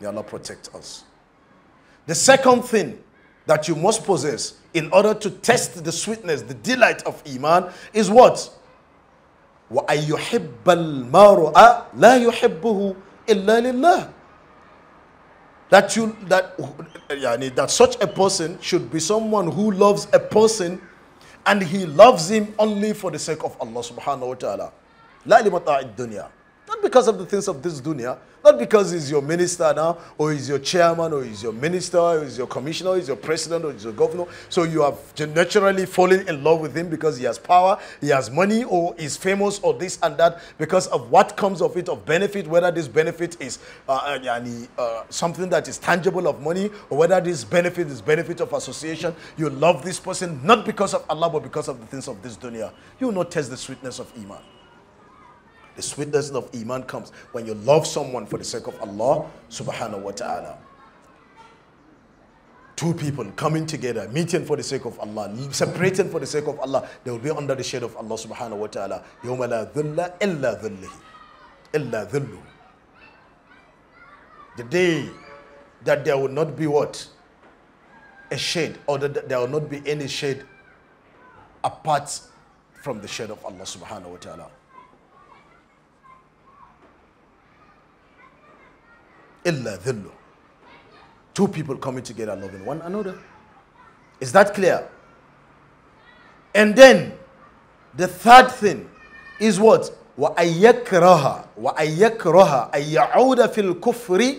May Allah protect us. The second thing that you must possess in order to test the sweetness, the delight of Iman is what? وَأَيُّحِبَّ الْمَارُءَ لَا يُحِبُّهُ إِلَّا لِلَّهِ that you that yani, that such a person should be someone who loves a person and he loves him only for the sake of Allah subhanahu wa ta'ala. La dunya. Not because of the things of this dunya, not because he's your minister now, or he's your chairman, or he's your minister, or he's your commissioner, or he's your president, or he's your governor. So you have naturally fallen in love with him because he has power, he has money, or he's famous, or this and that, because of what comes of it of benefit, whether this benefit is uh, uh, uh something that is tangible of money, or whether this benefit is benefit of association. You love this person not because of Allah, but because of the things of this dunya. You will not test the sweetness of Iman. The sweetness of Iman comes when you love someone for the sake of Allah subhanahu wa ta'ala. Two people coming together, meeting for the sake of Allah, separating for the sake of Allah, they will be under the shade of Allah subhanahu wa ta'ala. يَوْمَ la ذُلَّ illa ذُلِّهِ illa ذُلُّ The day that there will not be what? A shade, or that there will not be any shade apart from the shade of Allah subhanahu wa ta'ala. illa dhillu. Two people coming together loving one another. Is that clear? And then the third thing is what? وأن يكره وأن يكره أن يعود في الكفر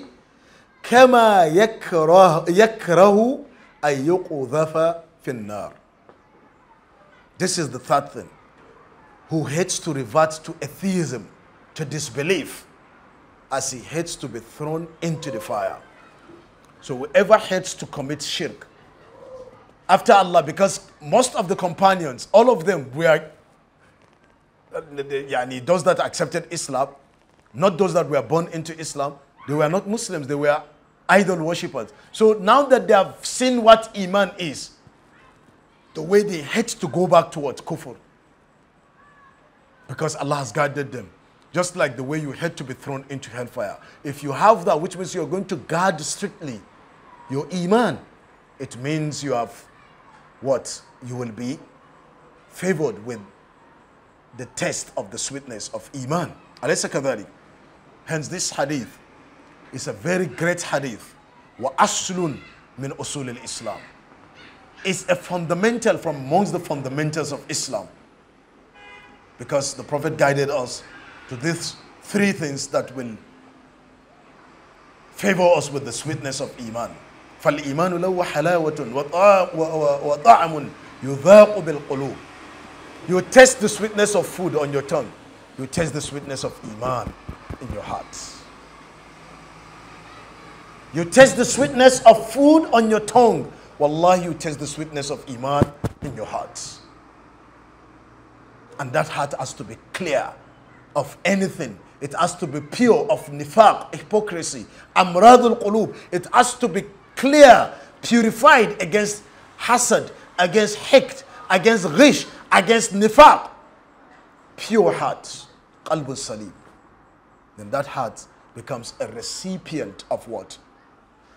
كما يكره يكره أن يقذف في النار. This is the third thing. Who hates to revert to atheism, to disbelief as he hates to be thrown into the fire. So whoever hates to commit shirk after Allah, because most of the companions, all of them were, uh, yani those that accepted Islam, not those that were born into Islam, they were not Muslims, they were idol worshippers. So now that they have seen what Iman is, the way they hate to go back towards kufr, because Allah has guided them. Just like the way you had to be thrown into hellfire. If you have that, which means you're going to guard strictly your iman, it means you have what? You will be favored with the test of the sweetness of iman. Hence this hadith is a very great hadith. Wa min islam It's a fundamental from amongst the fundamentals of Islam. Because the Prophet guided us to these three things that will favor us with the sweetness of Iman. فالإيمان له حلاوة وطعم يذاق بالقلوب You taste the sweetness of food on your tongue. You taste the sweetness of Iman in your heart. You taste the sweetness of food on your tongue. Wallahi, you taste the sweetness of Iman in your heart. And that heart has to be clear of anything. It has to be pure of nifaq, hypocrisy. Amradul qulub. It has to be clear, purified against hasad, against hikt, against rish, against nifaq. Pure heart, qalbun salim. Then that heart becomes a recipient of what?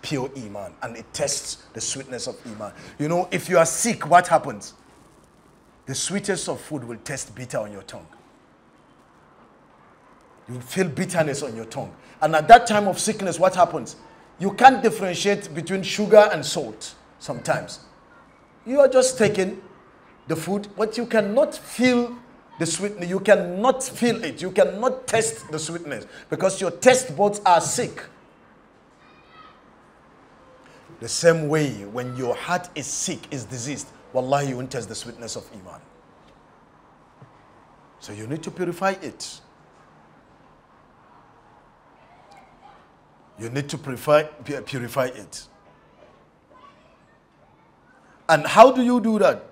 Pure iman. And it tests the sweetness of iman. You know, if you are sick, what happens? The sweetest of food will taste bitter on your tongue. You feel bitterness on your tongue. And at that time of sickness, what happens? You can't differentiate between sugar and salt sometimes. You are just taking the food, but you cannot feel the sweetness. You cannot feel it. You cannot taste the sweetness because your taste buds are sick. The same way, when your heart is sick, is diseased, wallahi, you won't taste the sweetness of Iman. So you need to purify it. You need to purify, purify it. And how do you do that?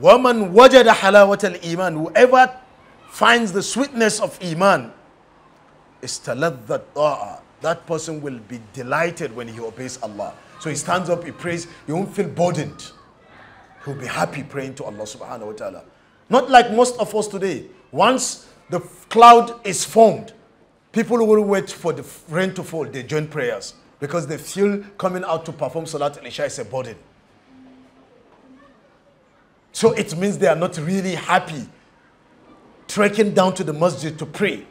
Woman wajada halawat al-iman. Whoever finds the sweetness of iman, istaladhat ta'a. That person will be delighted when he obeys Allah. So he stands up, he prays, he won't feel burdened. He'll be happy praying to Allah subhanahu wa ta'ala. Not like most of us today. Once the cloud is formed, People will wait for the rain to fall, they join prayers because they feel coming out to perform Salat al is a burden. So it means they are not really happy trekking down to the masjid to pray.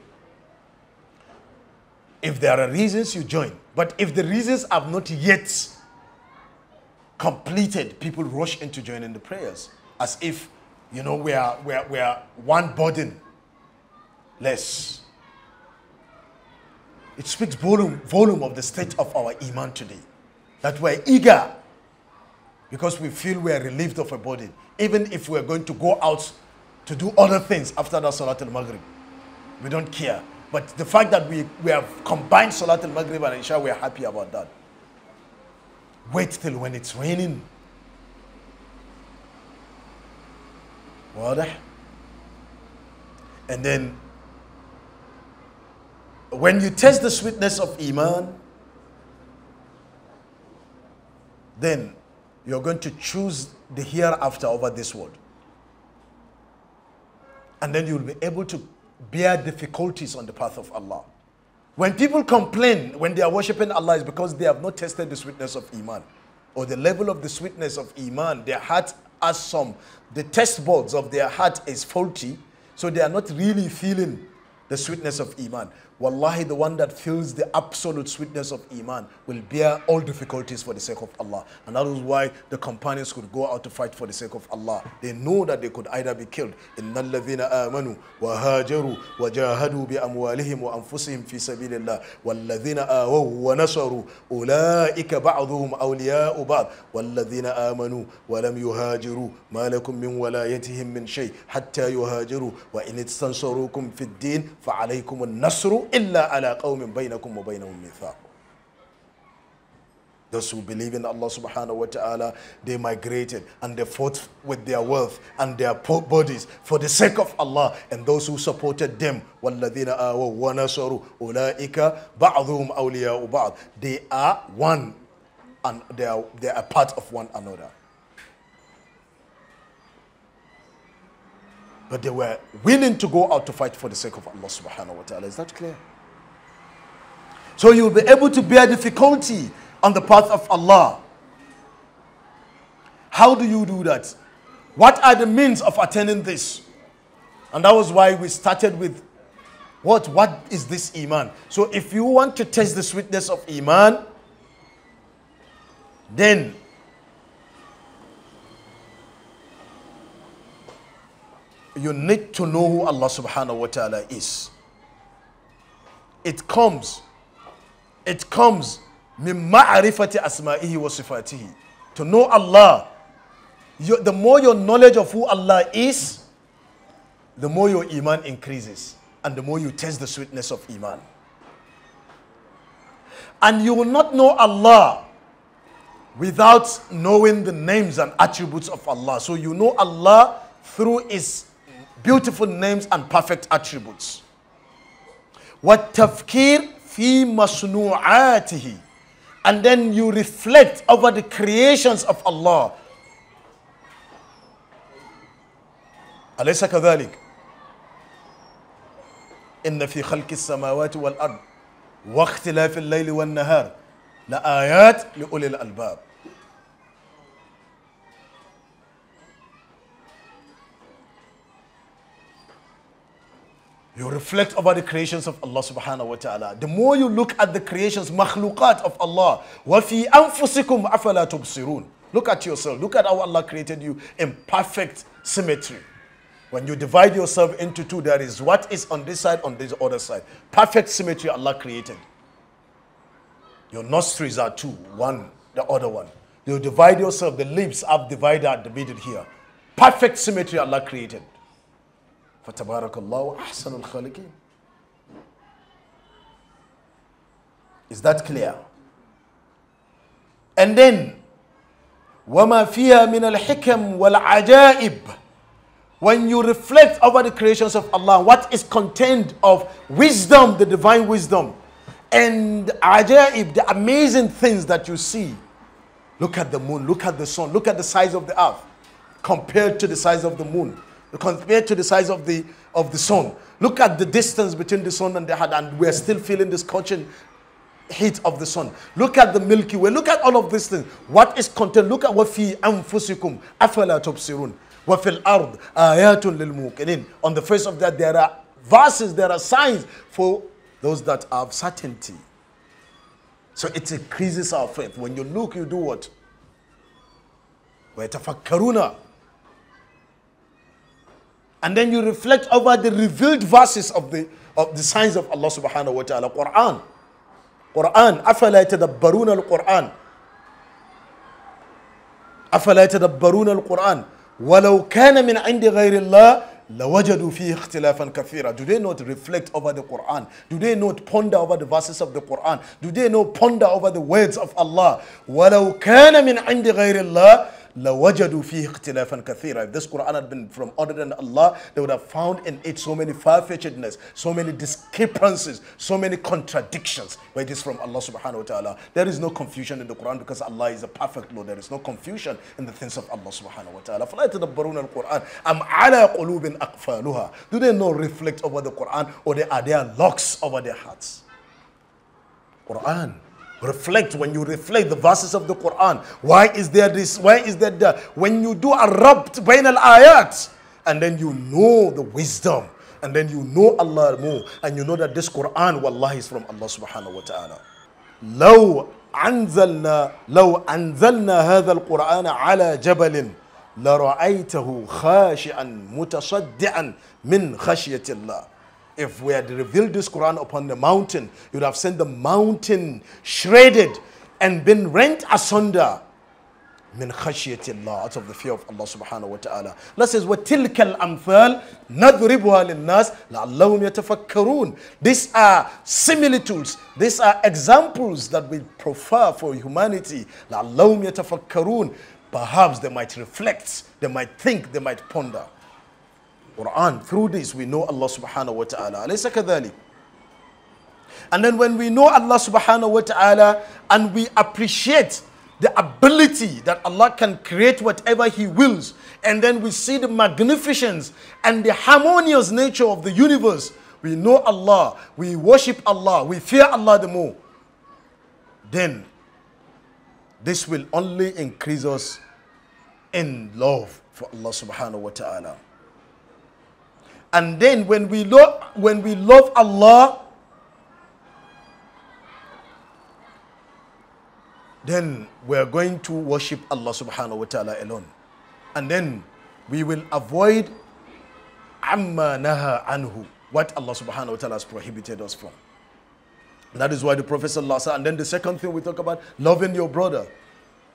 If there are reasons, you join. But if the reasons have not yet completed, people rush into joining the prayers as if, you know, we are, we are, we are one burden less. It speaks volume, volume of the state of our iman today. That we're eager because we feel we're relieved of a burden, even if we're going to go out to do other things after that Salat al Maghrib. We don't care. But the fact that we, we have combined Salat al Maghrib and Isha, we're happy about that. Wait till when it's raining. And then when you taste the sweetness of Iman, then you're going to choose the hereafter over this world. And then you'll be able to bear difficulties on the path of Allah. When people complain when they are worshipping Allah, is because they have not tested the sweetness of Iman or the level of the sweetness of Iman. Their heart has some, the test boards of their heart is faulty, so they are not really feeling the sweetness of Iman. Wallahi, the one that feels the absolute sweetness of Iman will bear all difficulties for the sake of Allah. And that is why the companions could go out to fight for the sake of Allah. They know that they could either be killed. إِنَّ الَّذِينَ آمَنُوا وَهَاجَرُوا وَجَاهَدُوا بِأَمْوَالِهِمْ وَأَنفُسِهِمْ فِي سَبِيلِ اللَّهِ وَالَّذِينَ آوَوْا وَنَصَرُوا أُولَٰئِكَ بَعْضُهُمْ أَوْلِيَاءُ بَعْضٍ وَالَّذِينَ آمَنُوا وَلَمْ يُهَاجِرُوا مَا لَكُم مِّن وَلَايَتِهِم مِّن شَيْءٍ حَتَّىٰ يُهَاجِرُوا وَإِنِ اسْتَنصَرُوكُمْ فِي الدِّينِ فَعَلَيْكُمُ النَّصْرُ those who believe in Allah subhanahu wa ta'ala, they migrated and they fought with their wealth and their bodies for the sake of Allah. And those who supported them, وَالَّذِينَ آوَوا وَنَصَرُوا أُولَٰئِكَ بَعْضُهُمْ أَوْلِيَاءُ بَعْضٍ They are one and they are, they are part of one another. But they were willing to go out to fight for the sake of Allah subhanahu wa ta'ala. Is that clear? So you'll be able to bear difficulty on the path of Allah. How do you do that? What are the means of attaining this? And that was why we started with what? What is this Iman? So if you want to taste the sweetness of Iman, then you need to know who Allah subhanahu wa ta'ala is. It comes, it comes min ma'arifati asma'ihi wa sifatihi. To know Allah, you, the more your knowledge of who Allah is, the more your iman increases and the more you taste the sweetness of iman. And you will not know Allah without knowing the names and attributes of Allah. So you know Allah through His beautiful names and perfect attributes. وَالتَّفْكِيرِ فِي مَصْنُوعَاتِهِ And then you reflect over the creations of Allah. أليس كذلك؟ إن في خلق السماوات والأرض واختلاف الليل والنهار لآيات لأولي الألباب You reflect over the creations of Allah subhanahu wa ta'ala. The more you look at the creations, makhluqat of Allah, وَفِي أَنفُسِكُمْ أَفَلَا تُبْصِرُون Look at yourself. Look at how Allah created you in perfect symmetry. When you divide yourself into two, there is what is on this side, on this other side. Perfect symmetry Allah created. Your nostrils are two, one, the other one. You divide yourself, the lips are divided, divided here. Perfect symmetry Allah created. فَتَبَارَكَ اللَّهُ أَحْسَنُ Is that clear? And then, وَمَا فِيهَا مِنَ الْحِكَمْ وَالْعَجَائِبِ When you reflect over the creations of Allah, what is contained of wisdom, the divine wisdom, and ajaib, the amazing things that you see. Look at the moon, look at the sun, look at the size of the earth compared to the size of the moon compared to the size of the, of the sun. Look at the distance between the sun and the heart, and we're still feeling this scorching heat of the sun. Look at the Milky Way. Look at all of these things. What is contained? Look at what fi anfusikum afala tubsirun. Wa fil ard ayatun lil muqinin. On the face of that, there are verses, there are signs for those that have certainty. So it increases our faith. When you look, you do what? وَيَتَفَكَّرُونَ and then you reflect over the revealed verses of the, of the signs of Allah subhanahu wa ta'ala. Quran. Quran. أَفَلَا يَتَدَبَّرُونَ الْقُرْآنَ أَفَلَا al الْقُرْآنَ وَلَوْ كَانَ مِنْ عِنْدِ غَيْرِ اللَّهِ لَوَجَدُوا فِيهِ اخْتِلَافًا كَثِيرًا Do they not reflect over the Quran? Do they not ponder over the verses of the Quran? Do they not ponder over the words of Allah? وَلَوْ كَانَ مِنْ عِنْدِ غَيْرِ اللَّهِ لَوَجَدُوا فِيهِ اخْتِلَافًا كَثِيرًا If this Quran had been from other than Allah, they would have found in it so many far-fetchedness, so many discrepancies, so many contradictions. But it is from Allah subhanahu wa ta'ala. There is no confusion in the Quran because Allah is a perfect Lord. There is no confusion in the things of Allah subhanahu wa ta'ala. فَلَا يَتَدَبَّرُونَ الْقُرْآنَ أَمْ عَلَى قُلُوبٍ أَقْفَالُهَا Do they not reflect over the Quran or they are there locks over their hearts? Quran Reflect when you reflect the verses of the Quran. Why is there this? Why is that? there? when you do a rabt bain al ayat, and then you know the wisdom, and then you know Allah more, and you know that this Quran, wallahi, is from Allah subhanahu wa ta'ala. لو أنزلنا لو أنزلنا هذا القرآن على جبل لرأيته خاشعا متصدعا من خشية الله if we had revealed this Quran upon the mountain, you'd have seen the mountain shredded and been rent asunder. من خشية الله out of the fear of Allah subhanahu wa ta'ala. Allah says, وَتِلْكَ الْأَمْثَالِ نَضْرِبُهَا لِلنَّاسِ لَعَلَّهُمْ يَتَفَكَّرُونَ These are similitudes, these are examples that we prefer for humanity. لَعَلَّهُمْ يَتَفَكَّرُونَ Perhaps they might reflect, they might think, they might ponder. Quran. Through this, we know Allah subhanahu wa ta'ala. Alaysa kadhalik. And then when we know Allah subhanahu wa ta'ala and we appreciate the ability that Allah can create whatever He wills, and then we see the magnificence and the harmonious nature of the universe, we know Allah, we worship Allah, we fear Allah the more, then this will only increase us in love for Allah subhanahu wa ta'ala. And then when we love, when we love Allah, then we are going to worship Allah subhanahu wa ta'ala alone. And then we will avoid amma naha anhu, what Allah subhanahu wa ta'ala has prohibited us from. that is why the Prophet sallallahu and then the second thing we talk about, loving your brother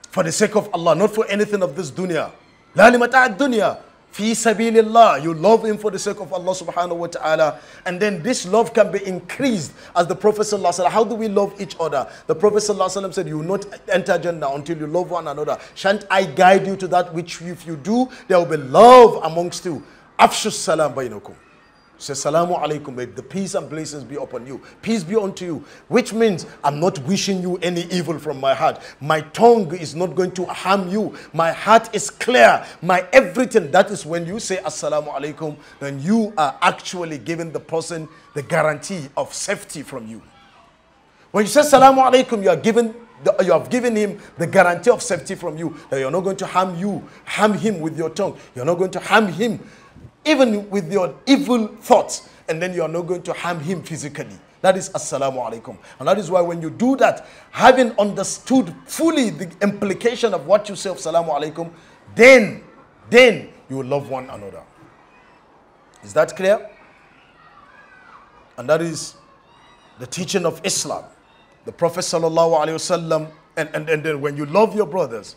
for the sake of Allah, not for anything of this dunya. La dunya. Fi sabilillah, you love him for the sake of Allah subhanahu wa ta'ala. And then this love can be increased as the Prophet sallallahu How do we love each other? The Prophet sallallahu said, you will not enter Jannah until you love one another. Shan't I guide you to that which if you do, there will be love amongst you. Afshus salam bainakum. Say, Salamu alaykum, may the peace and blessings be upon you. Peace be unto you. Which means, I'm not wishing you any evil from my heart. My tongue is not going to harm you. My heart is clear. My everything. That is when you say, Assalamu alaykum, then you are actually giving the person the guarantee of safety from you. When you say, Salamu alaykum, you are giving the, you have given him the guarantee of safety from you that you're not going to harm you harm him with your tongue you're not going to harm him even with your evil thoughts, and then you are not going to harm him physically. That is assalamu alaikum. And that is why when you do that, having understood fully the implication of what you say of Assalamu alaikum, then, then you will love one another. Is that clear? And that is the teaching of Islam. The Prophet sallallahu alaihi wasallam, and, and, and then when you love your brothers,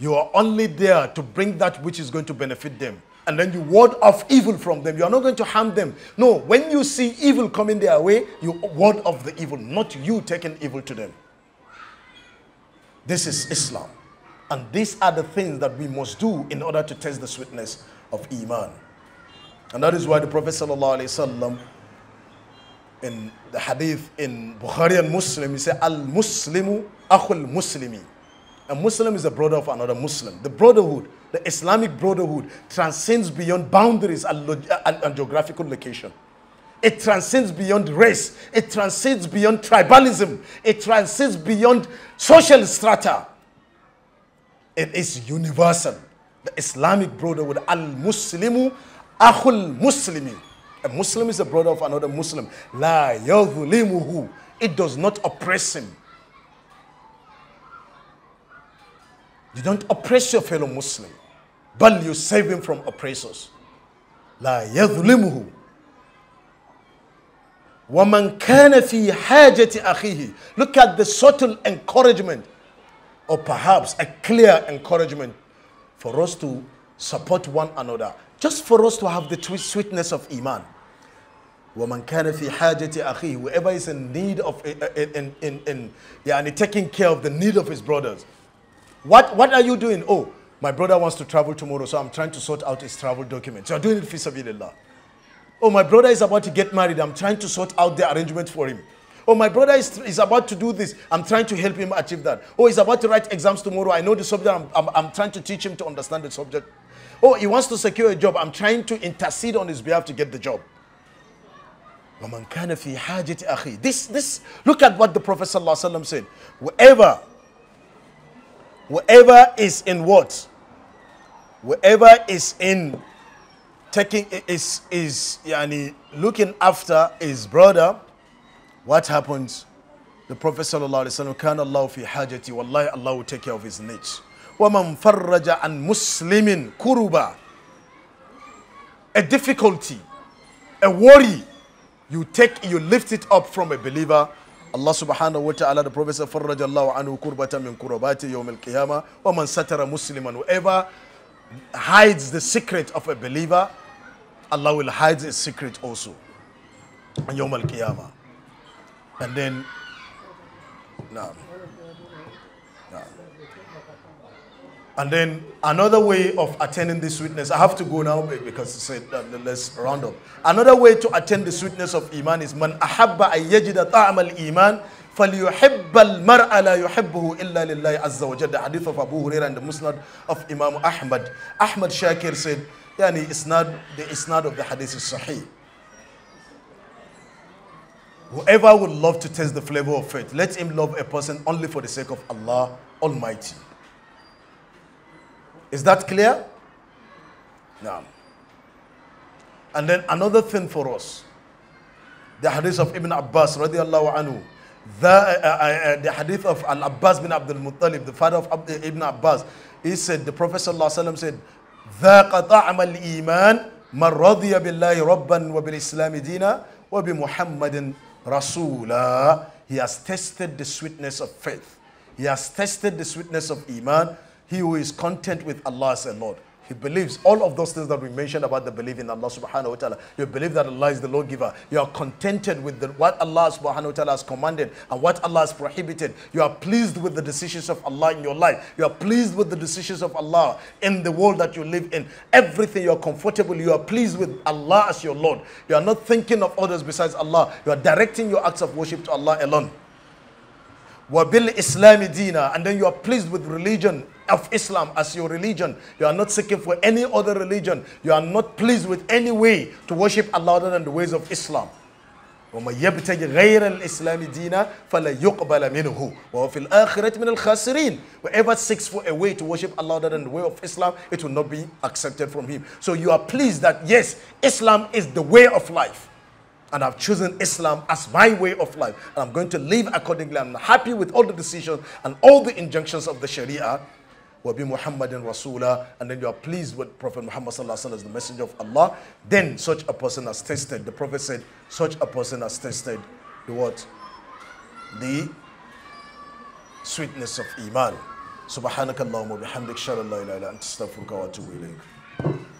you are only there to bring that which is going to benefit them and then you ward off evil from them. You are not going to harm them. No, when you see evil coming their way, you ward off the evil, not you taking evil to them. This is Islam. And these are the things that we must do in order to test the sweetness of Iman. And that is why the Prophet وسلم, in the hadith in Bukhari and Muslim, he said, Al Muslimu Akhul Muslimi. A Muslim is a brother of another Muslim. The brotherhood the Islamic Brotherhood transcends beyond boundaries and, uh, and, and geographical location. It transcends beyond race. It transcends beyond tribalism. It transcends beyond social strata. It is universal. The Islamic Brotherhood, Al-Muslimu, Akhul Muslimi. A Muslim is a brother of another Muslim. La yadhlimuhu. It does not oppress him. You don't oppress your fellow Muslim but you save him from oppressors. لا يظلمه ومن كان في حاجة أخيه Look at the subtle encouragement or perhaps a clear encouragement for us to support one another. Just for us to have the sweetness of Iman. ومن كان في حاجة أخيه Whoever is in need of in, in, in, yeah, and taking care of the need of his brothers. What, what are you doing? Oh, my brother wants to travel tomorrow, so I'm trying to sort out his travel documents. You're doing it fisabilillah. Oh, my brother is about to get married. I'm trying to sort out the arrangement for him. Oh, my brother is, is about to do this. I'm trying to help him achieve that. Oh, he's about to write exams tomorrow. I know the subject. I'm, I'm, I'm trying to teach him to understand the subject. Oh, he wants to secure a job. I'm trying to intercede on his behalf to get the job. This, this, look at what the Prophet ﷺ said. Whoever, whoever is in what? whoever is in taking is is yani looking after his brother what happens the prophet sallallahu alaihi wasallam kana allah fi hajati wallahi allah will take care of his needs man farraja an muslimin kuruba a difficulty a worry you take you lift it up from a believer Allah subhanahu wa ta'ala the prophet said farraja allah anhu kurbatan min kurabati yawm al-qiyamah waman satara musliman whoever hides the secret of a believer, Allah will hide his secret also. Yom Al Qiyamah. And then, no. no. And then another way of attaining this sweetness, I have to go now because it's said uh, let's round up. Another way to attain the sweetness of Iman is man ahabba ayyajida ta'amal iman فَلْيُحِبَّ الْمَرْءَ لَا يُحِبُّهُ إِلَّا لِلَّهِ عَزَّ وَجَلَّ The hadith of Abu Huraira and the musnad of Imam Ahmad. Ahmad Shakir said, yani the isnad of the hadith is sahih. Whoever would love to taste the flavor of faith, let him love a person only for the sake of Allah Almighty. Is that clear? Now. And then another thing for us. The hadith of Ibn Abbas radiallahu anhu the, uh, uh, uh, the hadith of Al Abbas bin Abdul Muttalib, the father of Ab uh, Ibn Abbas, he said, the Prophet ﷺ said, ذَاقَ طَعْمَ الْإِيمَانِ مَنْ رَضِيَ بِاللَّهِ رَبًّا وَبِالْإِسْلَامِ دِينًا وَبِمُحَمَّدٍ رَسُولًا He has tasted the sweetness of faith. He has tasted the sweetness of Iman. He who is content with Allah as a Lord. He believes all of those things that we mentioned about the belief in Allah subhanahu wa ta'ala. You believe that Allah is the lawgiver. You are contented with the, what Allah subhanahu wa ta'ala has commanded and what Allah has prohibited. You are pleased with the decisions of Allah in your life. You are pleased with the decisions of Allah in the world that you live in. Everything you are comfortable. You are pleased with Allah as your Lord. You are not thinking of others besides Allah. You are directing your acts of worship to Allah alone. Wabil Islam Dina, and then you are pleased with religion of Islam as your religion. You are not seeking for any other religion. You are not pleased with any way to worship Allah other than the ways of Islam. ومن يبتغي غير الإسلام دينا فلا يقبل منه الآخرة من الخاسرين whoever seeks for a way to worship Allah other than the way of Islam it will not be accepted from him so you are pleased that yes Islam is the way of life and I've chosen Islam as my way of life and I'm going to live accordingly I'm happy with all the decisions and all the injunctions of the Sharia wa bi Muhammadin Rasulah, and then you are pleased with Prophet Muhammad Sallallahu as the messenger of Allah, then such a person has tested. the Prophet said, such a person has tested the what? The sweetness of Iman. سبحانك اللهم وبحمدك شر الله لا اله الا انت